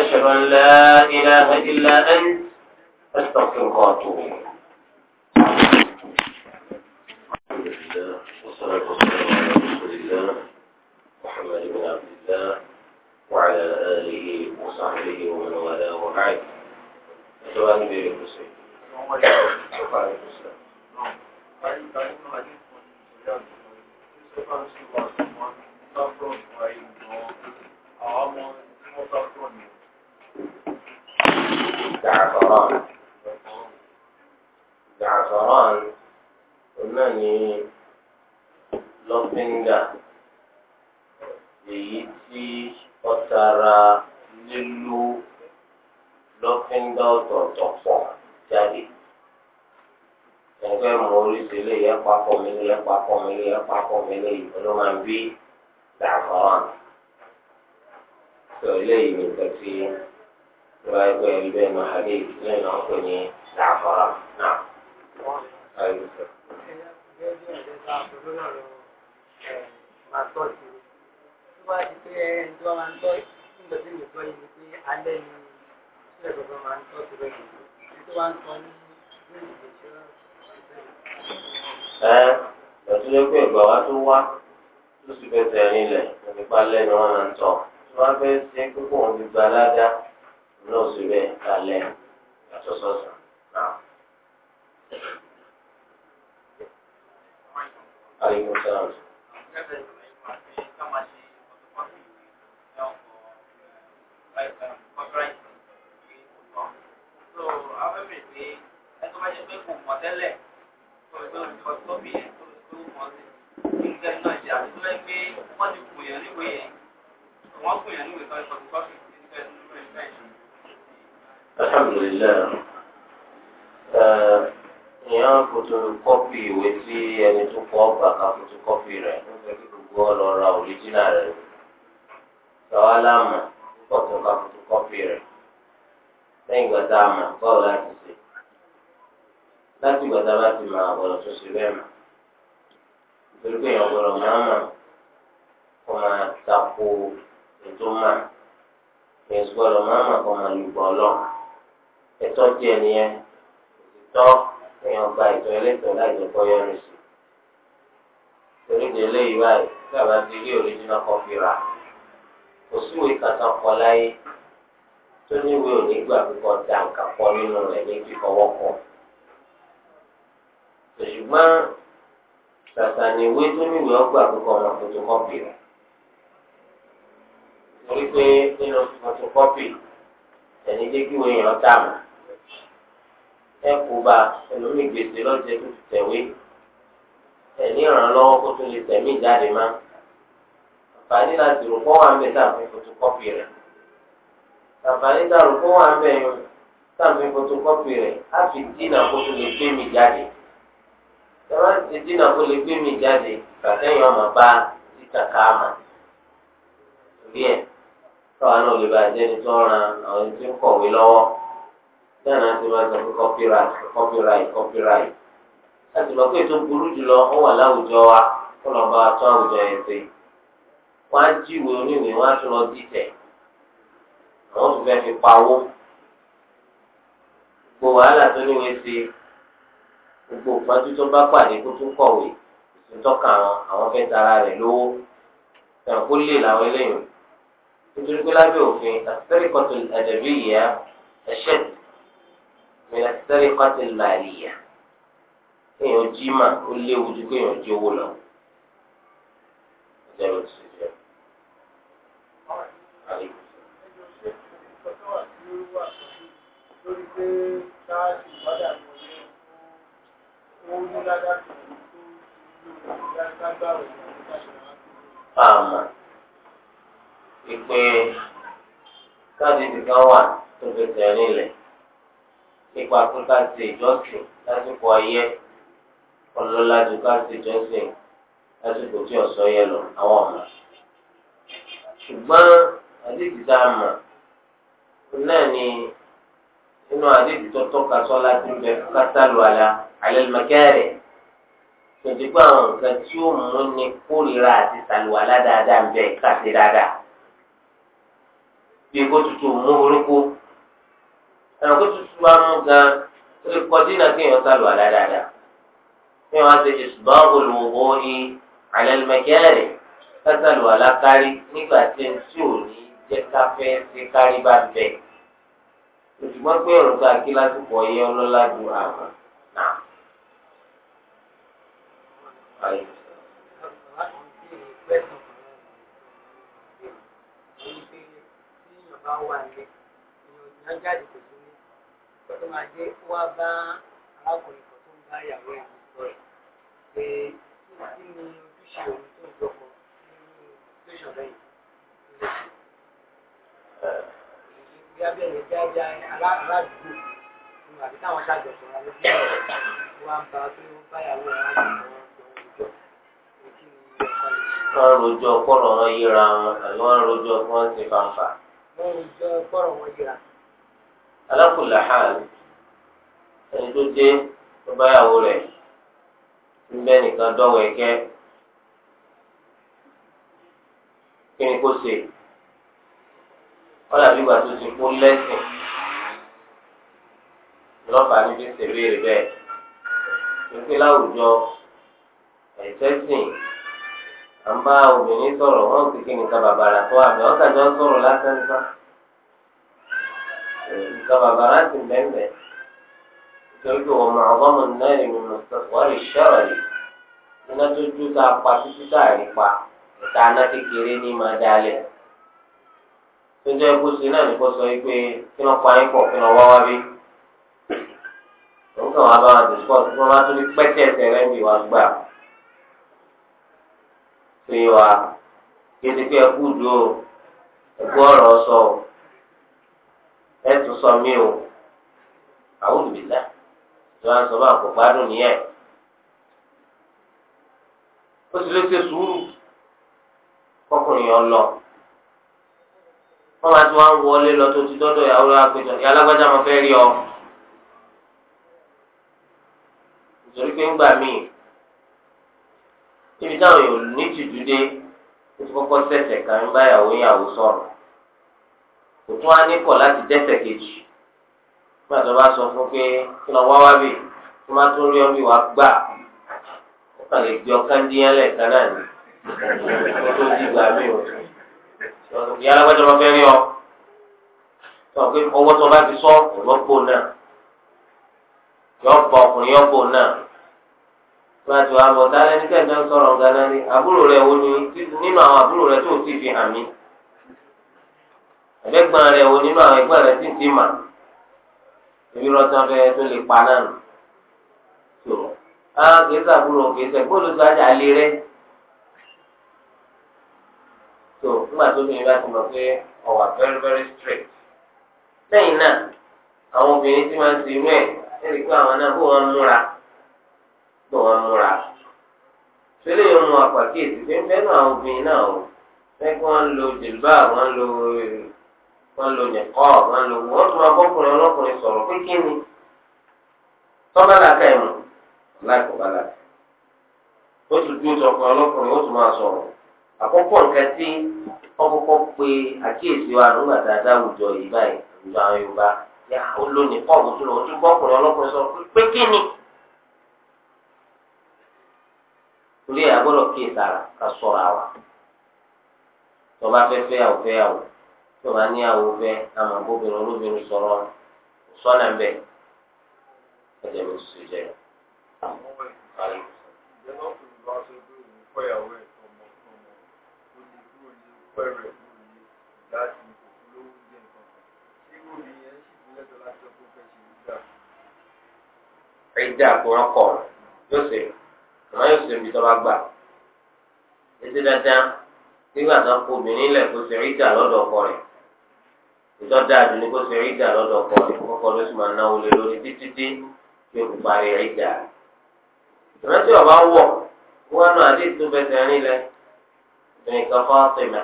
أشهد أن لا إله إلا أنت أستغفرك وأتوب إليك الحمد لله والصلاة والسلام على رسول الله محمد بن عبد الله وعلى آله وصحبه ومن والاه وبعد سؤال بير المسلم زعفران fíńgà èyí tí ọ̀tara lílo lọ́fíńgà ọ̀tọ̀ọ̀tọ̀ pọ̀ jáde ẹgbẹ́ mọ oríṣi lè yẹ papọ̀ mi lè yẹ papọ̀ mi lè yẹ papọ̀ mi lè yìí ló máa ń bí dàgbọ́n tó eléyìí nìkan tí wọ́n ẹgbẹ́ ẹ̀rí bẹ́ẹ̀ máa hàdé ìdílé náà pè ní dàgbọ́n náà máa tọ́ sí i tó bá di pé ẹni tó bá máa ń tọ́ nígbà tí mo tọ́ yìí ni pé alẹ́ ni iṣẹ́ ìjọba máa ń tọ́ sí lẹ́yìn ẹni tó bá ń tọ́ ní ní ìdè ìṣẹ́ ẹ ẹtúlẹ pé ìgbà wa tó wá tó sì fẹsẹ̀ rìn lẹ̀ nípa lẹ́nu wọn máa ń tọ̀ tí wọ́n fẹ́ ṣe kókó òun ti gba aládá náà sì bẹ́ẹ̀ kalẹ̀ yàtọ̀ sọ̀sọ̀ náà. Aleykum salaam. kò mọ̀ tẹ́lẹ̀ ọ̀dọ́ ìfọ̀tọ́ bí ẹ̀ tó tó mọ̀ sí nǹkan náà jẹ́ àti tó fẹ́ gbé wọ́n ti kù yẹn níwèé yẹn wọ́n kù yẹn níwèé sọ́ọ́ ìfọ̀tọ́ bí ẹ̀ tó tó mọ̀ sí. Alhamdulillah èèyàn kòtò kọ́pì ìwé tí ẹni tó kọ́ ọgbà kan kòtò kọ́pì rẹ̀ ló fẹ́ kí gbogbo ọ lọ ra òríjìnà rẹ̀ sọ́wọ́ láàmú kòtò kan kòtò kọ́pì rẹ̀ lẹ́yìn ìgbà tá a mọ̀ bọ́ọ̀ láti ṣe láti gbàdá bá ti máa bọ̀rọ̀ tó ṣe bẹ́ẹ̀ mọ́ nítorí pé èèyàn bọ̀rọ̀ máa mọ̀ kó máa tako ètò mọ̀ èèyàn sì bọ̀rọ̀ máa mọ̀ kó máa lù bọ̀ lọ ẹ̀tọ́ díẹ̀ nìyẹn òtítọ́ èèyàn gba ìtọ́ ẹlẹ́tọ̀ọ́ láìjọ kọ́ yọrin sí torí délé ìwà ẹ̀ tí a bá ti rí original copy rà kò síwèé kankan kọ láyé tó níwèé ò ní gbà kíkọ dá nǹkan kọ nínú rẹ̀ ní kíkọwọ́ kọ́ ṣùgbọ́n tàtà ni ìwé tó níwèé ọgbà àkókò ọmọ fotokọ́pì rẹ̀ torí pé nínú fotokọ́pì ẹni jẹ́ kí wọ́n yàn dà mọ́ ẹ kó bá ẹlòmíì gbèsè lọ́jọ́ tó ti tẹ̀wé ẹ̀ní ìrànlọ́wọ́ kó tó lè tẹ̀mí ìjáde má àǹfààní láti rò kọ́ wà ń bẹ táàfin fotokọ́pì àǹfààní láti rò kọ́ wà ń bẹ táàfin fotokọ́pì á fi dínà kó tó lè gbé mi títí náà kó lè gbé mi jáde kàtẹ́yìn ọmọ bá títà káàmà torí ẹ̀ káwa náà lè bàjẹ́ ní tó ran àwọn ẹni ń kọ̀wé lọ́wọ́ dáná ti máa sọ fún copyright copyright copyright láti lọ pé ètò burú jùlọ ó wà láwùjọ wa kó lọ bá àwùjọ yẹn á jíwèé oníwèé wọ́n á tún lọ dìtẹ̀ àwọn tó fẹ́ fi pawó gbogbo wàhálà tó níwèé gbogbo ìpọ́njú tó bá pàdé kó tún kọ̀wé ìtọ́ka àwọn àwọn fẹ́ tara rẹ̀ lówó tẹ̀wọ̀n kó lè làwọn eléyìí nítorí pé lábẹ́ òfin àtẹ́rìkọ́tò àdàbíyà ẹ̀ṣẹ̀ mìíràn àtẹ́rìkọ́tò màlìyà kéèyàn jí mà ó léwu ju kéèyàn jí owó lọ. ìjọba ti àmọ́ ìpè káàdì nìkan wà tó fẹsẹ̀ rinlẹ̀ nípa pé ká ṣe ìjọsìn lásìkò ayé ọlọ́lájú ká ṣe ìjọsìn lásìkò tí ọ̀sọ́ yẹ lọ àwọn ọ̀nà. ṣùgbọ́n àdéhùn tá a mọ̀ náà ni inú àdéhùn tó tọ́ka sọ́lá tí ń bẹ kátàlú àlá àlẹ́ mẹ́kẹ́rẹ́ tòtí pé àwọn nǹkan tí ó mú ni kórìíra àti sàlùwà ládáadáa ń bẹ káṣe dáadáa bí kó tutù mú orúkú ẹnì kó tutù wa mú gan ó lè kọ dínà kí èèyàn sàlùwà ládáadáa kí wọn ṣe ìṣùgbọ́n olùwòwò ní alẹ́lùmẹ́kẹ́rẹ́ sàlùwà lákárí nígbà tí ẹni tí ò ní jẹ́ káfẹ́ sí kárí bá bẹ̀ ṣùgbọ́n pé ọ̀rọ̀ tó lásìkò ọyẹ́ ọlọ́lá àwọn. tán jáde kò sí ní ìgbà tó máa dé wá bá arákùnrin kan tó ń bá ìyàwó ẹ̀ sọ ẹ̀ pé kí ni ojúṣe òun tó ń dọkọ nínú tẹ̀sán lẹ́yìn tó lè ṣe. bí abẹ́rẹ́ jájá aládùúgbò ni àbí táwọn ṣàjọ sọ̀rọ̀ lójú ẹ̀ wá ń bá pé ó bá ìyàwó ẹ̀ láti sọ̀rọ̀ lọ́wọ́ wọ́n rojọ́ ọpọ́lọ́ wọn yíra wọn àbí wọ́n rojọ́ ọpọ́lọ́ wọn ti fanfa. wọ́n rojọ́ ọpọ́lọ́ yíra alákùnlé àhàn ẹni tó dé tó báyàwó rẹ̀ ń bẹ́ nìkan dọ́wọ́ ẹ̀kẹ́ kí ni kó ṣe wọ́n àbí ìgbà tó ti kú lẹ́sìn lọ́ba níbi ṣèbéèrè bẹ́ẹ̀ pípé láwùjọ ẹ̀sẹ̀sìn à ń bá obìnrin sọ̀rọ̀ wọ́n ti kí nìkan bàbàrà tó àbẹ̀ wọ́n sọ̀rọ̀ lásán nípa nǹkan bàbá láti bẹ́ẹ̀ nítorí pé wọn máa bọ́ mọ̀ náà ní wọ́n lè ṣọ̀rọ̀ yìí iná tó dú tá a pa títí tá a rí pa ìta aná kékeré ní máa dálẹ̀ tó jẹ́ kó ṣe náà ní kó sọ pé kí wọ́n pa yín pọ̀ kí wọ́n wá wá bí nǹkan wà bá wọn ẹ tún sọ mí o àwọn olùbílà tí wọn ya máa kó gbádùn le ó sì lè ṣe sùúrù kọkùnrin yẹn lọ wọn máa ti wá ń wọlé lọ tó ti dọdọ ìyàwó rẹ ìyá alágbájá máa fẹ́ rí ọ nítorí pé ń gbà míì níbi táwọn ní kò tún á ní kọ̀ láti dẹ́sẹ̀ kejì nígbà tó bá sọ fún pé kí lọ wá wá bì tó má tún rí ọ bí wàá gbà ó kàn lè gbé ọkàn dín ẹlẹ̀ kan náà ní kó tó di ìgbà mi o ìyá alágbájọ máa fẹ́ rí ọ sọ pé ọwọ́ tó bá ti sọ ìrọ́pò náà yọ bọ ọkùnrin yọ bò náà gbàtò àbọ̀ dálẹ́ ní kẹ́ńtà ń sọ̀rọ̀ ganan ni àbúrò rẹ̀ wo ni nínú àwọn àbúrò rẹ̀ tó ti fi hàn mí ẹ̀gbẹ́gbọ́n rẹ̀ wo nínú àwọn ẹ̀gbọ́n rẹ̀ sì ti mà ebi rọ́tàn fẹ́ tó lè pa náà nù tó á kìí sàbúrò kìí sẹ́ bóòlù tó ajá lé rẹ̀ tó nígbà tó fi bá ti mọ̀ pé ọ̀wà very very straight lẹ́yìn náà àwọn obìnrin tí máa ń ti inú ẹ̀ ẹ̀rí pé àwọn náà bó wọn múra bó wọn múra tó lè mú àpàkíyèsí pé ń bẹ́ẹ̀ náà àwọn obìnrin náà ó fẹ́ kí wọ́n lo jìlbá wọ́n lo wọ́n lo nìkọ́ wọ́n lo wọ́n tún máa bọ́kùnrin ọlọ́kùnrin sọ̀rọ̀ pé ni tọ́ba làkà ìmọ̀ láìpọ̀ba làkà ó tún dúró tọkùnrin tún máa sọrọ àkọ́kọ́ nǹkan tí ọkọ̀kọ́ pe àkíyèsí wa nígbà tá a dá àwùjọ yìí báyìí àwùjọ àwọn Yorùbá yà ó lo nìkọ́ lọ ni torí àgbọ̀dọ̀ tó bá ní àwò fẹ́ àmọ́ bóbìnrin olóbìnrin sọ̀rọ̀ sọ́nà ń bẹ̀ ẹ̀jẹ̀ mi sì jẹ́ ẹ̀dá kò wọ́n kọ̀ yóò ṣe àmọ́ yóò ṣe ibi tó bá gbà ètò dáadáa nígbà tó kó obìnrin lẹ̀ kó ṣe rídà lọ́dọ̀ ọkọ rẹ̀. ìtọ́jà àti ní kó ṣe ìdá lọ́dọ̀ kọ ìkókó ló sì máa náwó lé lórí títí dé tí o kò parí ìdá. ìrántí ọba wọ̀ wọn náà àdé tó fẹsẹ̀ rìn lẹ obìnrin kan fọ́ ọ̀sẹ̀mà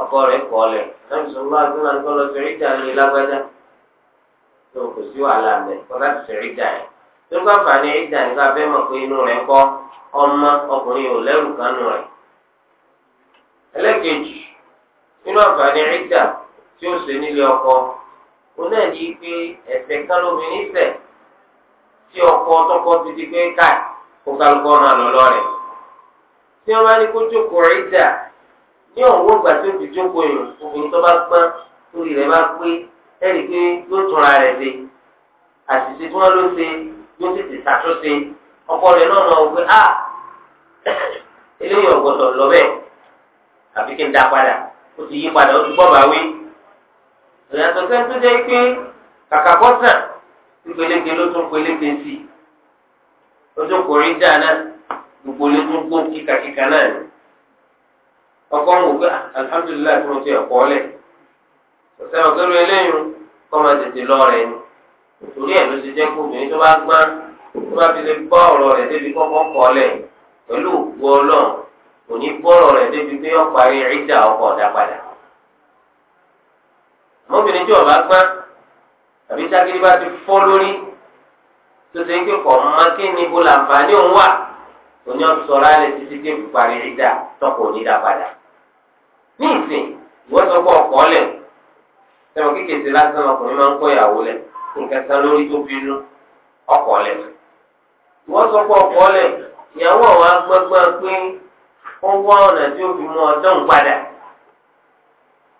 ọkọ rẹ̀ kọ́ lẹ̀ náà sọ wá máa kọ́ lọ sí ìdá lágbájá tó kò sí wàhálà mẹ́ ìdá tó bá fà ní ìdá nípa mọ̀ pé inú tí ó ṣe nílé ọkọ ó náà ní pé ẹsẹ̀ kan lóbìnrin ṣẹ̀ tí ọkọ tọkọ ti di pé káì kó kálukọ náà lọ lọrẹ tí wọn bá ní kó jókòó rẹ dà ní ọwọ́ ìgbà tí ó ti jókòó yìí obìnrin tó bá gbọ́n orí rẹ̀ bá pé ẹnì pé yóò túnra rẹ̀ ṣe àṣìṣe tí wọn ló ṣe yóò tètè ṣàtúnṣe ọkọ rẹ̀ náà náà wọ a eléyìí ọgbọdọ lọ bẹ́ẹ̀ àfi kí n dá padà ó ti yí padà ó ti gbọ́ bàá wí ìyàtọ̀ sẹ́ni tó jẹ́ pé kàkà bọ́ sàn tí peléke ló tún peléke sí ó tún kò rí dáa náà gbogbo ló tún gbó kíkakíka náà ni ọkọ ń wò pé ah, alihamudulilayi fún ti ẹ̀kọ́ lẹ̀ ọ̀sẹ̀ ọ̀gẹ́rù eléyìí kọ́ máa tètè lọ rẹ̀ ni torí ẹ̀ ló ti jẹ́ kó obìnrin tó bá gbá tó bá fi lè bọ́ ọ̀rọ̀ rẹ̀ débi kọ́kọ́ kọ́ lẹ̀ pẹ̀lú òkú ọlọ́run kò ní bọ́ ọ̀rọ̀ rẹ̀ débi pé ọ̀parí ìdá ọkọ̀ ọ̀dà padà. mọ́bìnrin tí ọba gbọ́n àbí sákìrì bá ti fọ́ lórí tó ṣe ń kíkọ́ ọmọ kí ni bó làǹfààní òun wà oní ọ̀sọ̀rọ̀ alẹ́ títí dé parí ìdá tọkọ onídà padà. ní ìsìn ìwọ́n sọ pé lẹ̀ sẹ́wọ̀n kékeré lásán ọkùnrin máa ń kọ́ ìyàwó lẹ̀ nǹkan san lórí tó lẹ̀. ìwọ́n sọ pé lẹ̀ ìyàwó àwọn pé ó wá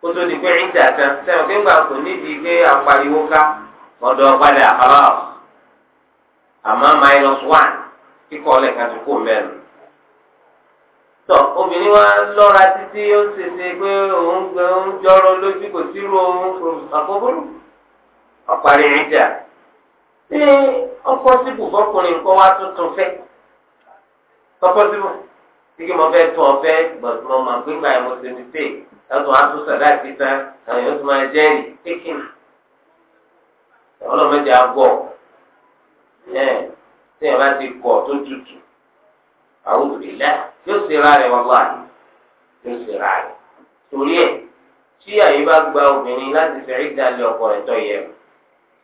kótó di pé ìdá tán sẹ́wọ̀n pé ńgbà kò nídìí pé apariwo ká ọ̀dọ̀ padà àbá àmọ́ minus one kíkọ́ lẹ́ka tó kó mẹ́rin. tọ́ obìnrin wa lọ́ra títí ó ṣe ṣe pé òun gbẹ ń jọrọ lójú kò sí ru ohun àkókòrò ọ̀parí ìdá. ṣé ọkọ síbù fọkùnrin kọ́ wa tuntun fẹ́? ọkọ síbù kíkí mo fẹ́ tún ọ fẹ́ but mo mà gbígbà yẹn mo ṣe mistake látọ̀ wá tún sàdá àti tán àwọn yóò tún máa jẹ́rìí kékin ọlọ́mọdé àgọ́ ẹ̀ tí ẹ̀ bá ti kọ̀ tó tutù àwọn òbílẹ̀ yóò ṣe ra rẹ̀ wọ́n wà yóò ṣe ra rẹ̀ torí ẹ̀ tí àyè bá gba obìnrin láti fẹ́ rí dalẹ̀ ọkọ rẹ̀ tọ́ yẹ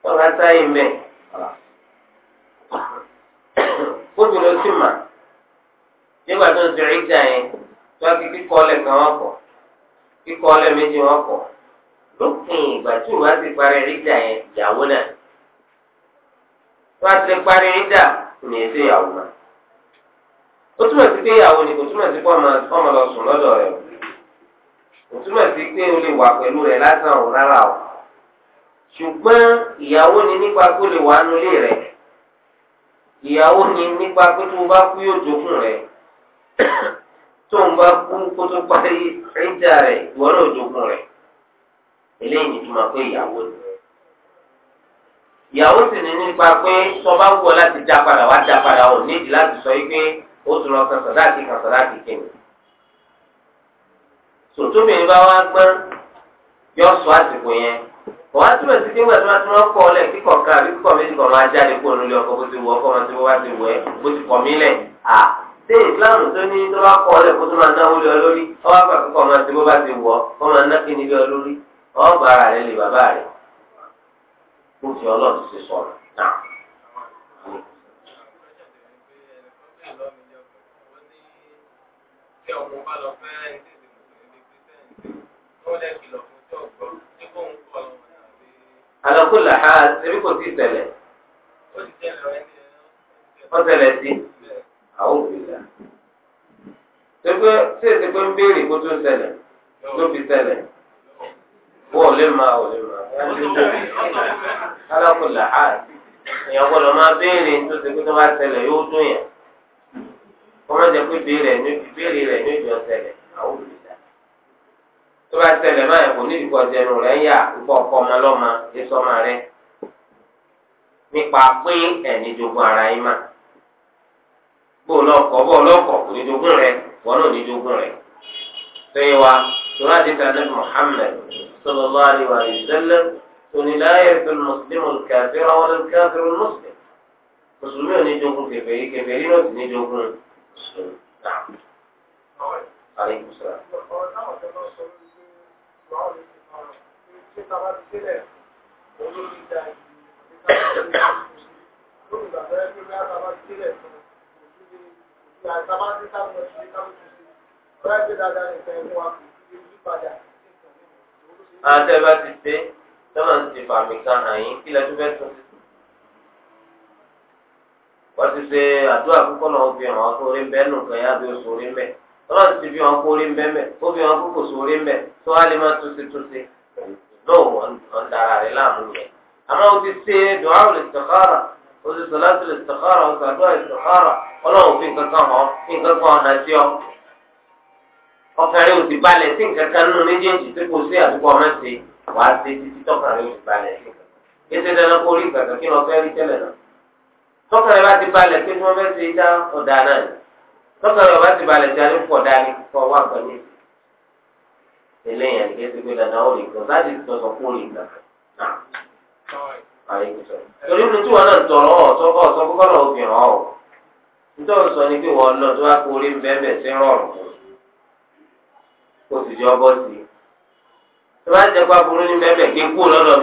ọ̀rọ̀ àtàyè mẹ́ kóbìnrin ó nígbà tó ń ṣe ìjà yẹn tó kí kíkọ́ ọlẹ̀ kan wọ́n pọ̀ kíkọ́ ọlẹ̀ méjì wọ́n pọ̀ lópin ìgbà tí ìwà ti parí ìjà yẹn ìyàwó náà wọ́n ti parí ìjà ní ètò ìyàwó náà ó túmọ̀ sí pé ìyàwó ni kò túmọ̀ sí pé ọmọ lọ sùn lọ́dọ̀ rẹ̀ kò túmọ̀ sí pé o lè wà pẹ̀lú rẹ̀ lásán ò rárá o ṣùgbọ́n ìyàwó ni nípa kó lè wà nulẹ̀ rẹ̀ ìyàwó ni nípa pé tó o bá kú yóò jogún rẹ̀ tó ń bá kú kó tó parí ẹ̀dá rẹ̀ ìwọ náà jogun rẹ̀ eléyìí ni túmọ̀ pé ìyàwó ni. ìyàwó sì ní nípa pé sọba wù ọ láti já padà wá já padà ò nídìí láti sọ wípé ó tún lọ kan sọdáàtì kan sọdáàtì kìnnì. sòtóbìnrin bá wá gbọ́n yọ sọ àsìkò yẹn wọ́n á túbọ̀ sí nígbà tí wọ́n ti wọ́n kọ́ ọ lẹ̀ kíkọ̀ ká àbí kíkọ̀ méjì kan máa jáde kó o nílé ọkọ̀ bó ti wù ọkọ̀ máa ti wọ́n wá ti wù ẹ́ bó ti kọ̀ mí lẹ̀ à ṣé islam tó ní tó bá kọ́ ọ̀rẹ́ kó tó máa náwó lé ọ lórí ọwọ́ àgbà kíkọ́ máa ti bó bá ti wọ̀ ọ́ máa ná kíni lé ọ lórí rẹ lè bàbá rẹ kó fi ọlọ́run àwọn òbílẹ̀ tẹgbẹ́ tí èsì pé ń béèrè kó tó ṣẹlẹ̀ tó fi ṣẹlẹ̀ wọ́n ò lè máa ò lè máa alákòlà á èèyàn gbọ́dọ̀ máa béèrè tó ṣe pé tó bá yóò dún yẹn kọ́mọ́jà pé béèrè rẹ̀ béèrè rẹ̀ ní ìjọ àwọn òbílẹ̀ tó bá máa yẹ ní ìdíkọ̀ jẹnu rẹ̀ ń yà ọmọ bó lọkọ bó lọkọ kò ní jogún rẹ wọn náà ní jogún rẹ. sẹ́yìn wa tura ti ta nabi muhammed sallallahu alayhi wa sallam onílàyé fi mùsùlùmí kàfé àwọn kàfé mùsùlùmí mùsùlùmí ò ní jogún kèfèrí kèfèrí náà sì ní jogún mùsùlùmí. Aleykum salaam. Ọ̀rọ̀ náà ọ̀sẹ̀ náà sọ wípé ìwà ọ̀rẹ́ ti máa ń ṣe tábà ti sílẹ̀ olórí ìdá ìdí ìdí tábà ti sílẹ̀ lórí ìgbà bẹ́ẹ̀ tó bá tábà ti sílẹ̀ fún un ìgbà ìsábà ah, tí sábà lọ sí ká lóṣù sí ọ̀rẹ́ ìgbé dáadáa nìkan ẹ̀mú wa kò sí ojú padà àti ẹ bá ti dé tọ́lá ń ti fàmì kan àyín kí lẹ́tọ́ fẹ́ tún sí. wọ́n ti ṣe àdúrà púpọ̀ náà fi hàn án kó orí ń bẹ́ẹ̀ nù kan yá oṣù orí ń tọ́lá ń ti fi hàn kó orí ń bẹ́ẹ̀ ó fi hàn kó kò sí orí tó wá lè má tún sí tún sí. lóò wọ́n ń dara rẹ̀ láàmú yẹn. àmọ́ o ti ṣe dùn áwòlè sọ̀kárà o ti sọ láti lè sàkárà o sàdúrà ìsàkárà ọlọ́run fi nǹkan kan hàn fi nǹkan kan hàn sí ọ. ọkàrin ò ti balẹ̀ sí nǹkan kan nínú méjèèjì tí kò sí àdúgbò ọmọ ṣe wàá ṣe títí tọkàrin ò ti balẹ̀ sí nǹkan. ètò ìdáná kó rí ìgbàgbọ́ kí lọ fẹ́ rí tẹ́lẹ̀ náà. tọkàrin bá ti balẹ̀ pé wọ́n fẹ́ ṣe ọ̀dà náà ni tọkàrin bá ti balẹ̀ ṣe alẹ́ pọ̀ dání kọ́ wà pẹ̀lú torí tí wọn náà tọrọ ọ sọkọ sọkọ kọlọ obìnrin ọ nítorí sọ ni pé wọn lọ tó bá kú orí bẹ́ẹ̀ sí rọrùn kó sì jọ bọ́ sí i tó bá jẹ́ pa burú ní bẹ́ẹ̀ kí n kú lọ́dọ̀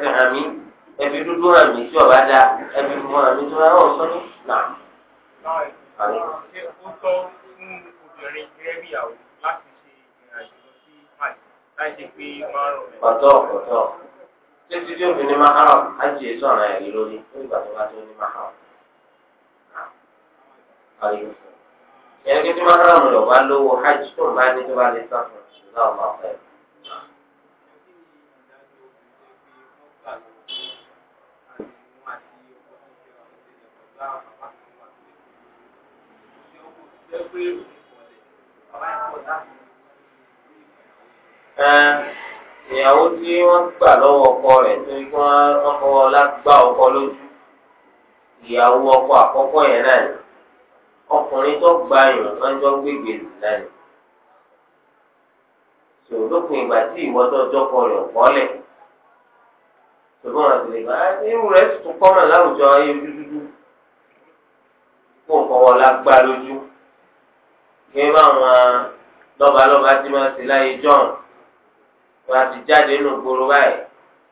ni hàn mí dúdú hàn mí tí dá hàn mí tó láti fi márùn. ọ̀tọ̀ títí tí obìnrin máa hàn ájì èso ọ̀ràn ẹ̀rí lórí nígbà tó bá tó ní máa hàn. Ah. ẹni kí tí máa hàn lọ bá lówó hajj tó ń bá ní tó bá lè sá fún Thank you. Eh, ìyàwó tí wọ́n gbà lọ́wọ́ ọkọ rẹ̀ nítorí pé wọ́n fọwọ́ lágbá ọkọ lójú ìyàwó ọkọ àkọ́kọ́ yẹn náà ni ọkùnrin tó gba yàn máa ń jọ náà ni sòdópin ìgbà tí ìwọ tó jọkọ rẹ̀ ọ̀kọ́lẹ̀ ṣùgbọ́n àti lè bá ah, irú rẹ̀ tuntun kọ́mọ̀ láwùjọ ayé dúdúdú kó fọwọ́ lágbá lójú kí wọ́n máa lọ́balọ́ba tí wọ́n ti láyé jọ́ọ̀nù. wọn àti jáde nínú gbòòrò báyìí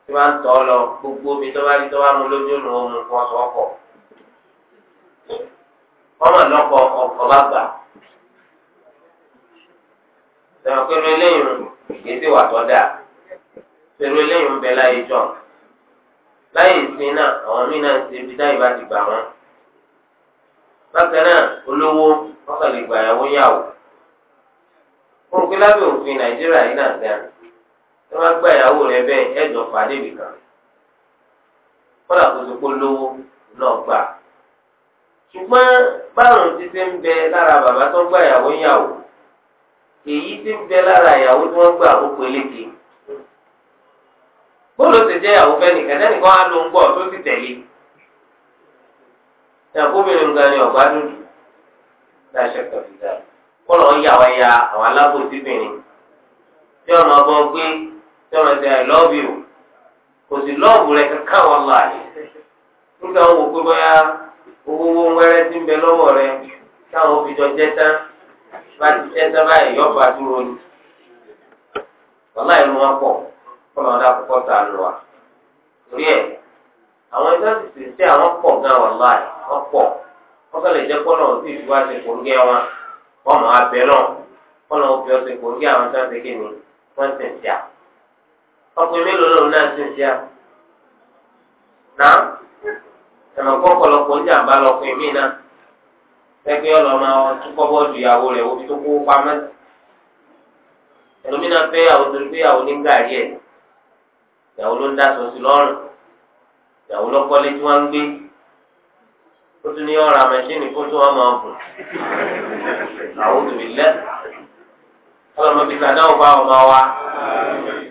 tí wọn ń lọ gbogbo omi tó bá rí tó bá mu lójú nù ọkọ lọkọ ọkọ bá gbà sọ pé eléyìí kìí ṣe wà tó dáa pẹ̀lú eléyìí ń bẹ láyé jọ láyé ìsìn náà àwọn míì náà ń ṣe ibi ti gbà wọn bákan náà olówó ẹ má gba ìyàwó rẹ bẹ ẹ pàdé nìkan kọ́dà kó tó polówó náà gbà ṣùgbọ́n báwọn ti ń bẹ lára bàbá tó gba ìyàwó yàwó èyí ti ń bẹ lára ìyàwó tí wọ́n gbà ó peléke bóòlù ti ìyàwó nìkan á ló ń tó ti ìyàkóbìnrin nǹkan ni dúdú láṣẹ kọfíta ń yà wáyà àwọn tí gbé. tí wọ́n ti i love you kò sí lọ́ọ̀bù rẹ̀ kankan wọ́n lọ àyè nígbà wọn wò pé bóyá owó owó ti ń bẹ lọ́wọ́ rẹ̀ jọ jẹ́ tán bá ti jẹ́ tán báyìí yọ̀ bá dúró ni wàhálà ìlú wọn pọ̀ kọ́ lọ́dà púpọ̀ tà lù wá torí ẹ̀ àwọn ẹgbẹ́ ti sí àwọn pọ̀ gan wọn pọ̀ Ọkụ mélòó lòun náà ti ń ṣe à náà ẹ̀mọ̀ kọ́ ọ̀pọ̀lọpọ̀ ń jàǹbá lọkùnrin mí náà pẹ́pẹ́ ọlọ́mọ túbọ̀ bọ́ọ̀dù ìyàwó rẹ̀ tó kó pamọ́ ẹlòmínà fẹ́ ìyàwó torí pé ìyàwó ní gàrí ẹ̀ ìyàwó ló ń dasọ sí lọ́rùn ìyàwó lọ́kọ́lé tí wọ́n ń gbé ó tún ní ọ̀rọ̀ àmẹ́sìnì máa bùn àwọn lẹ́ ọlọ́mọbìnrin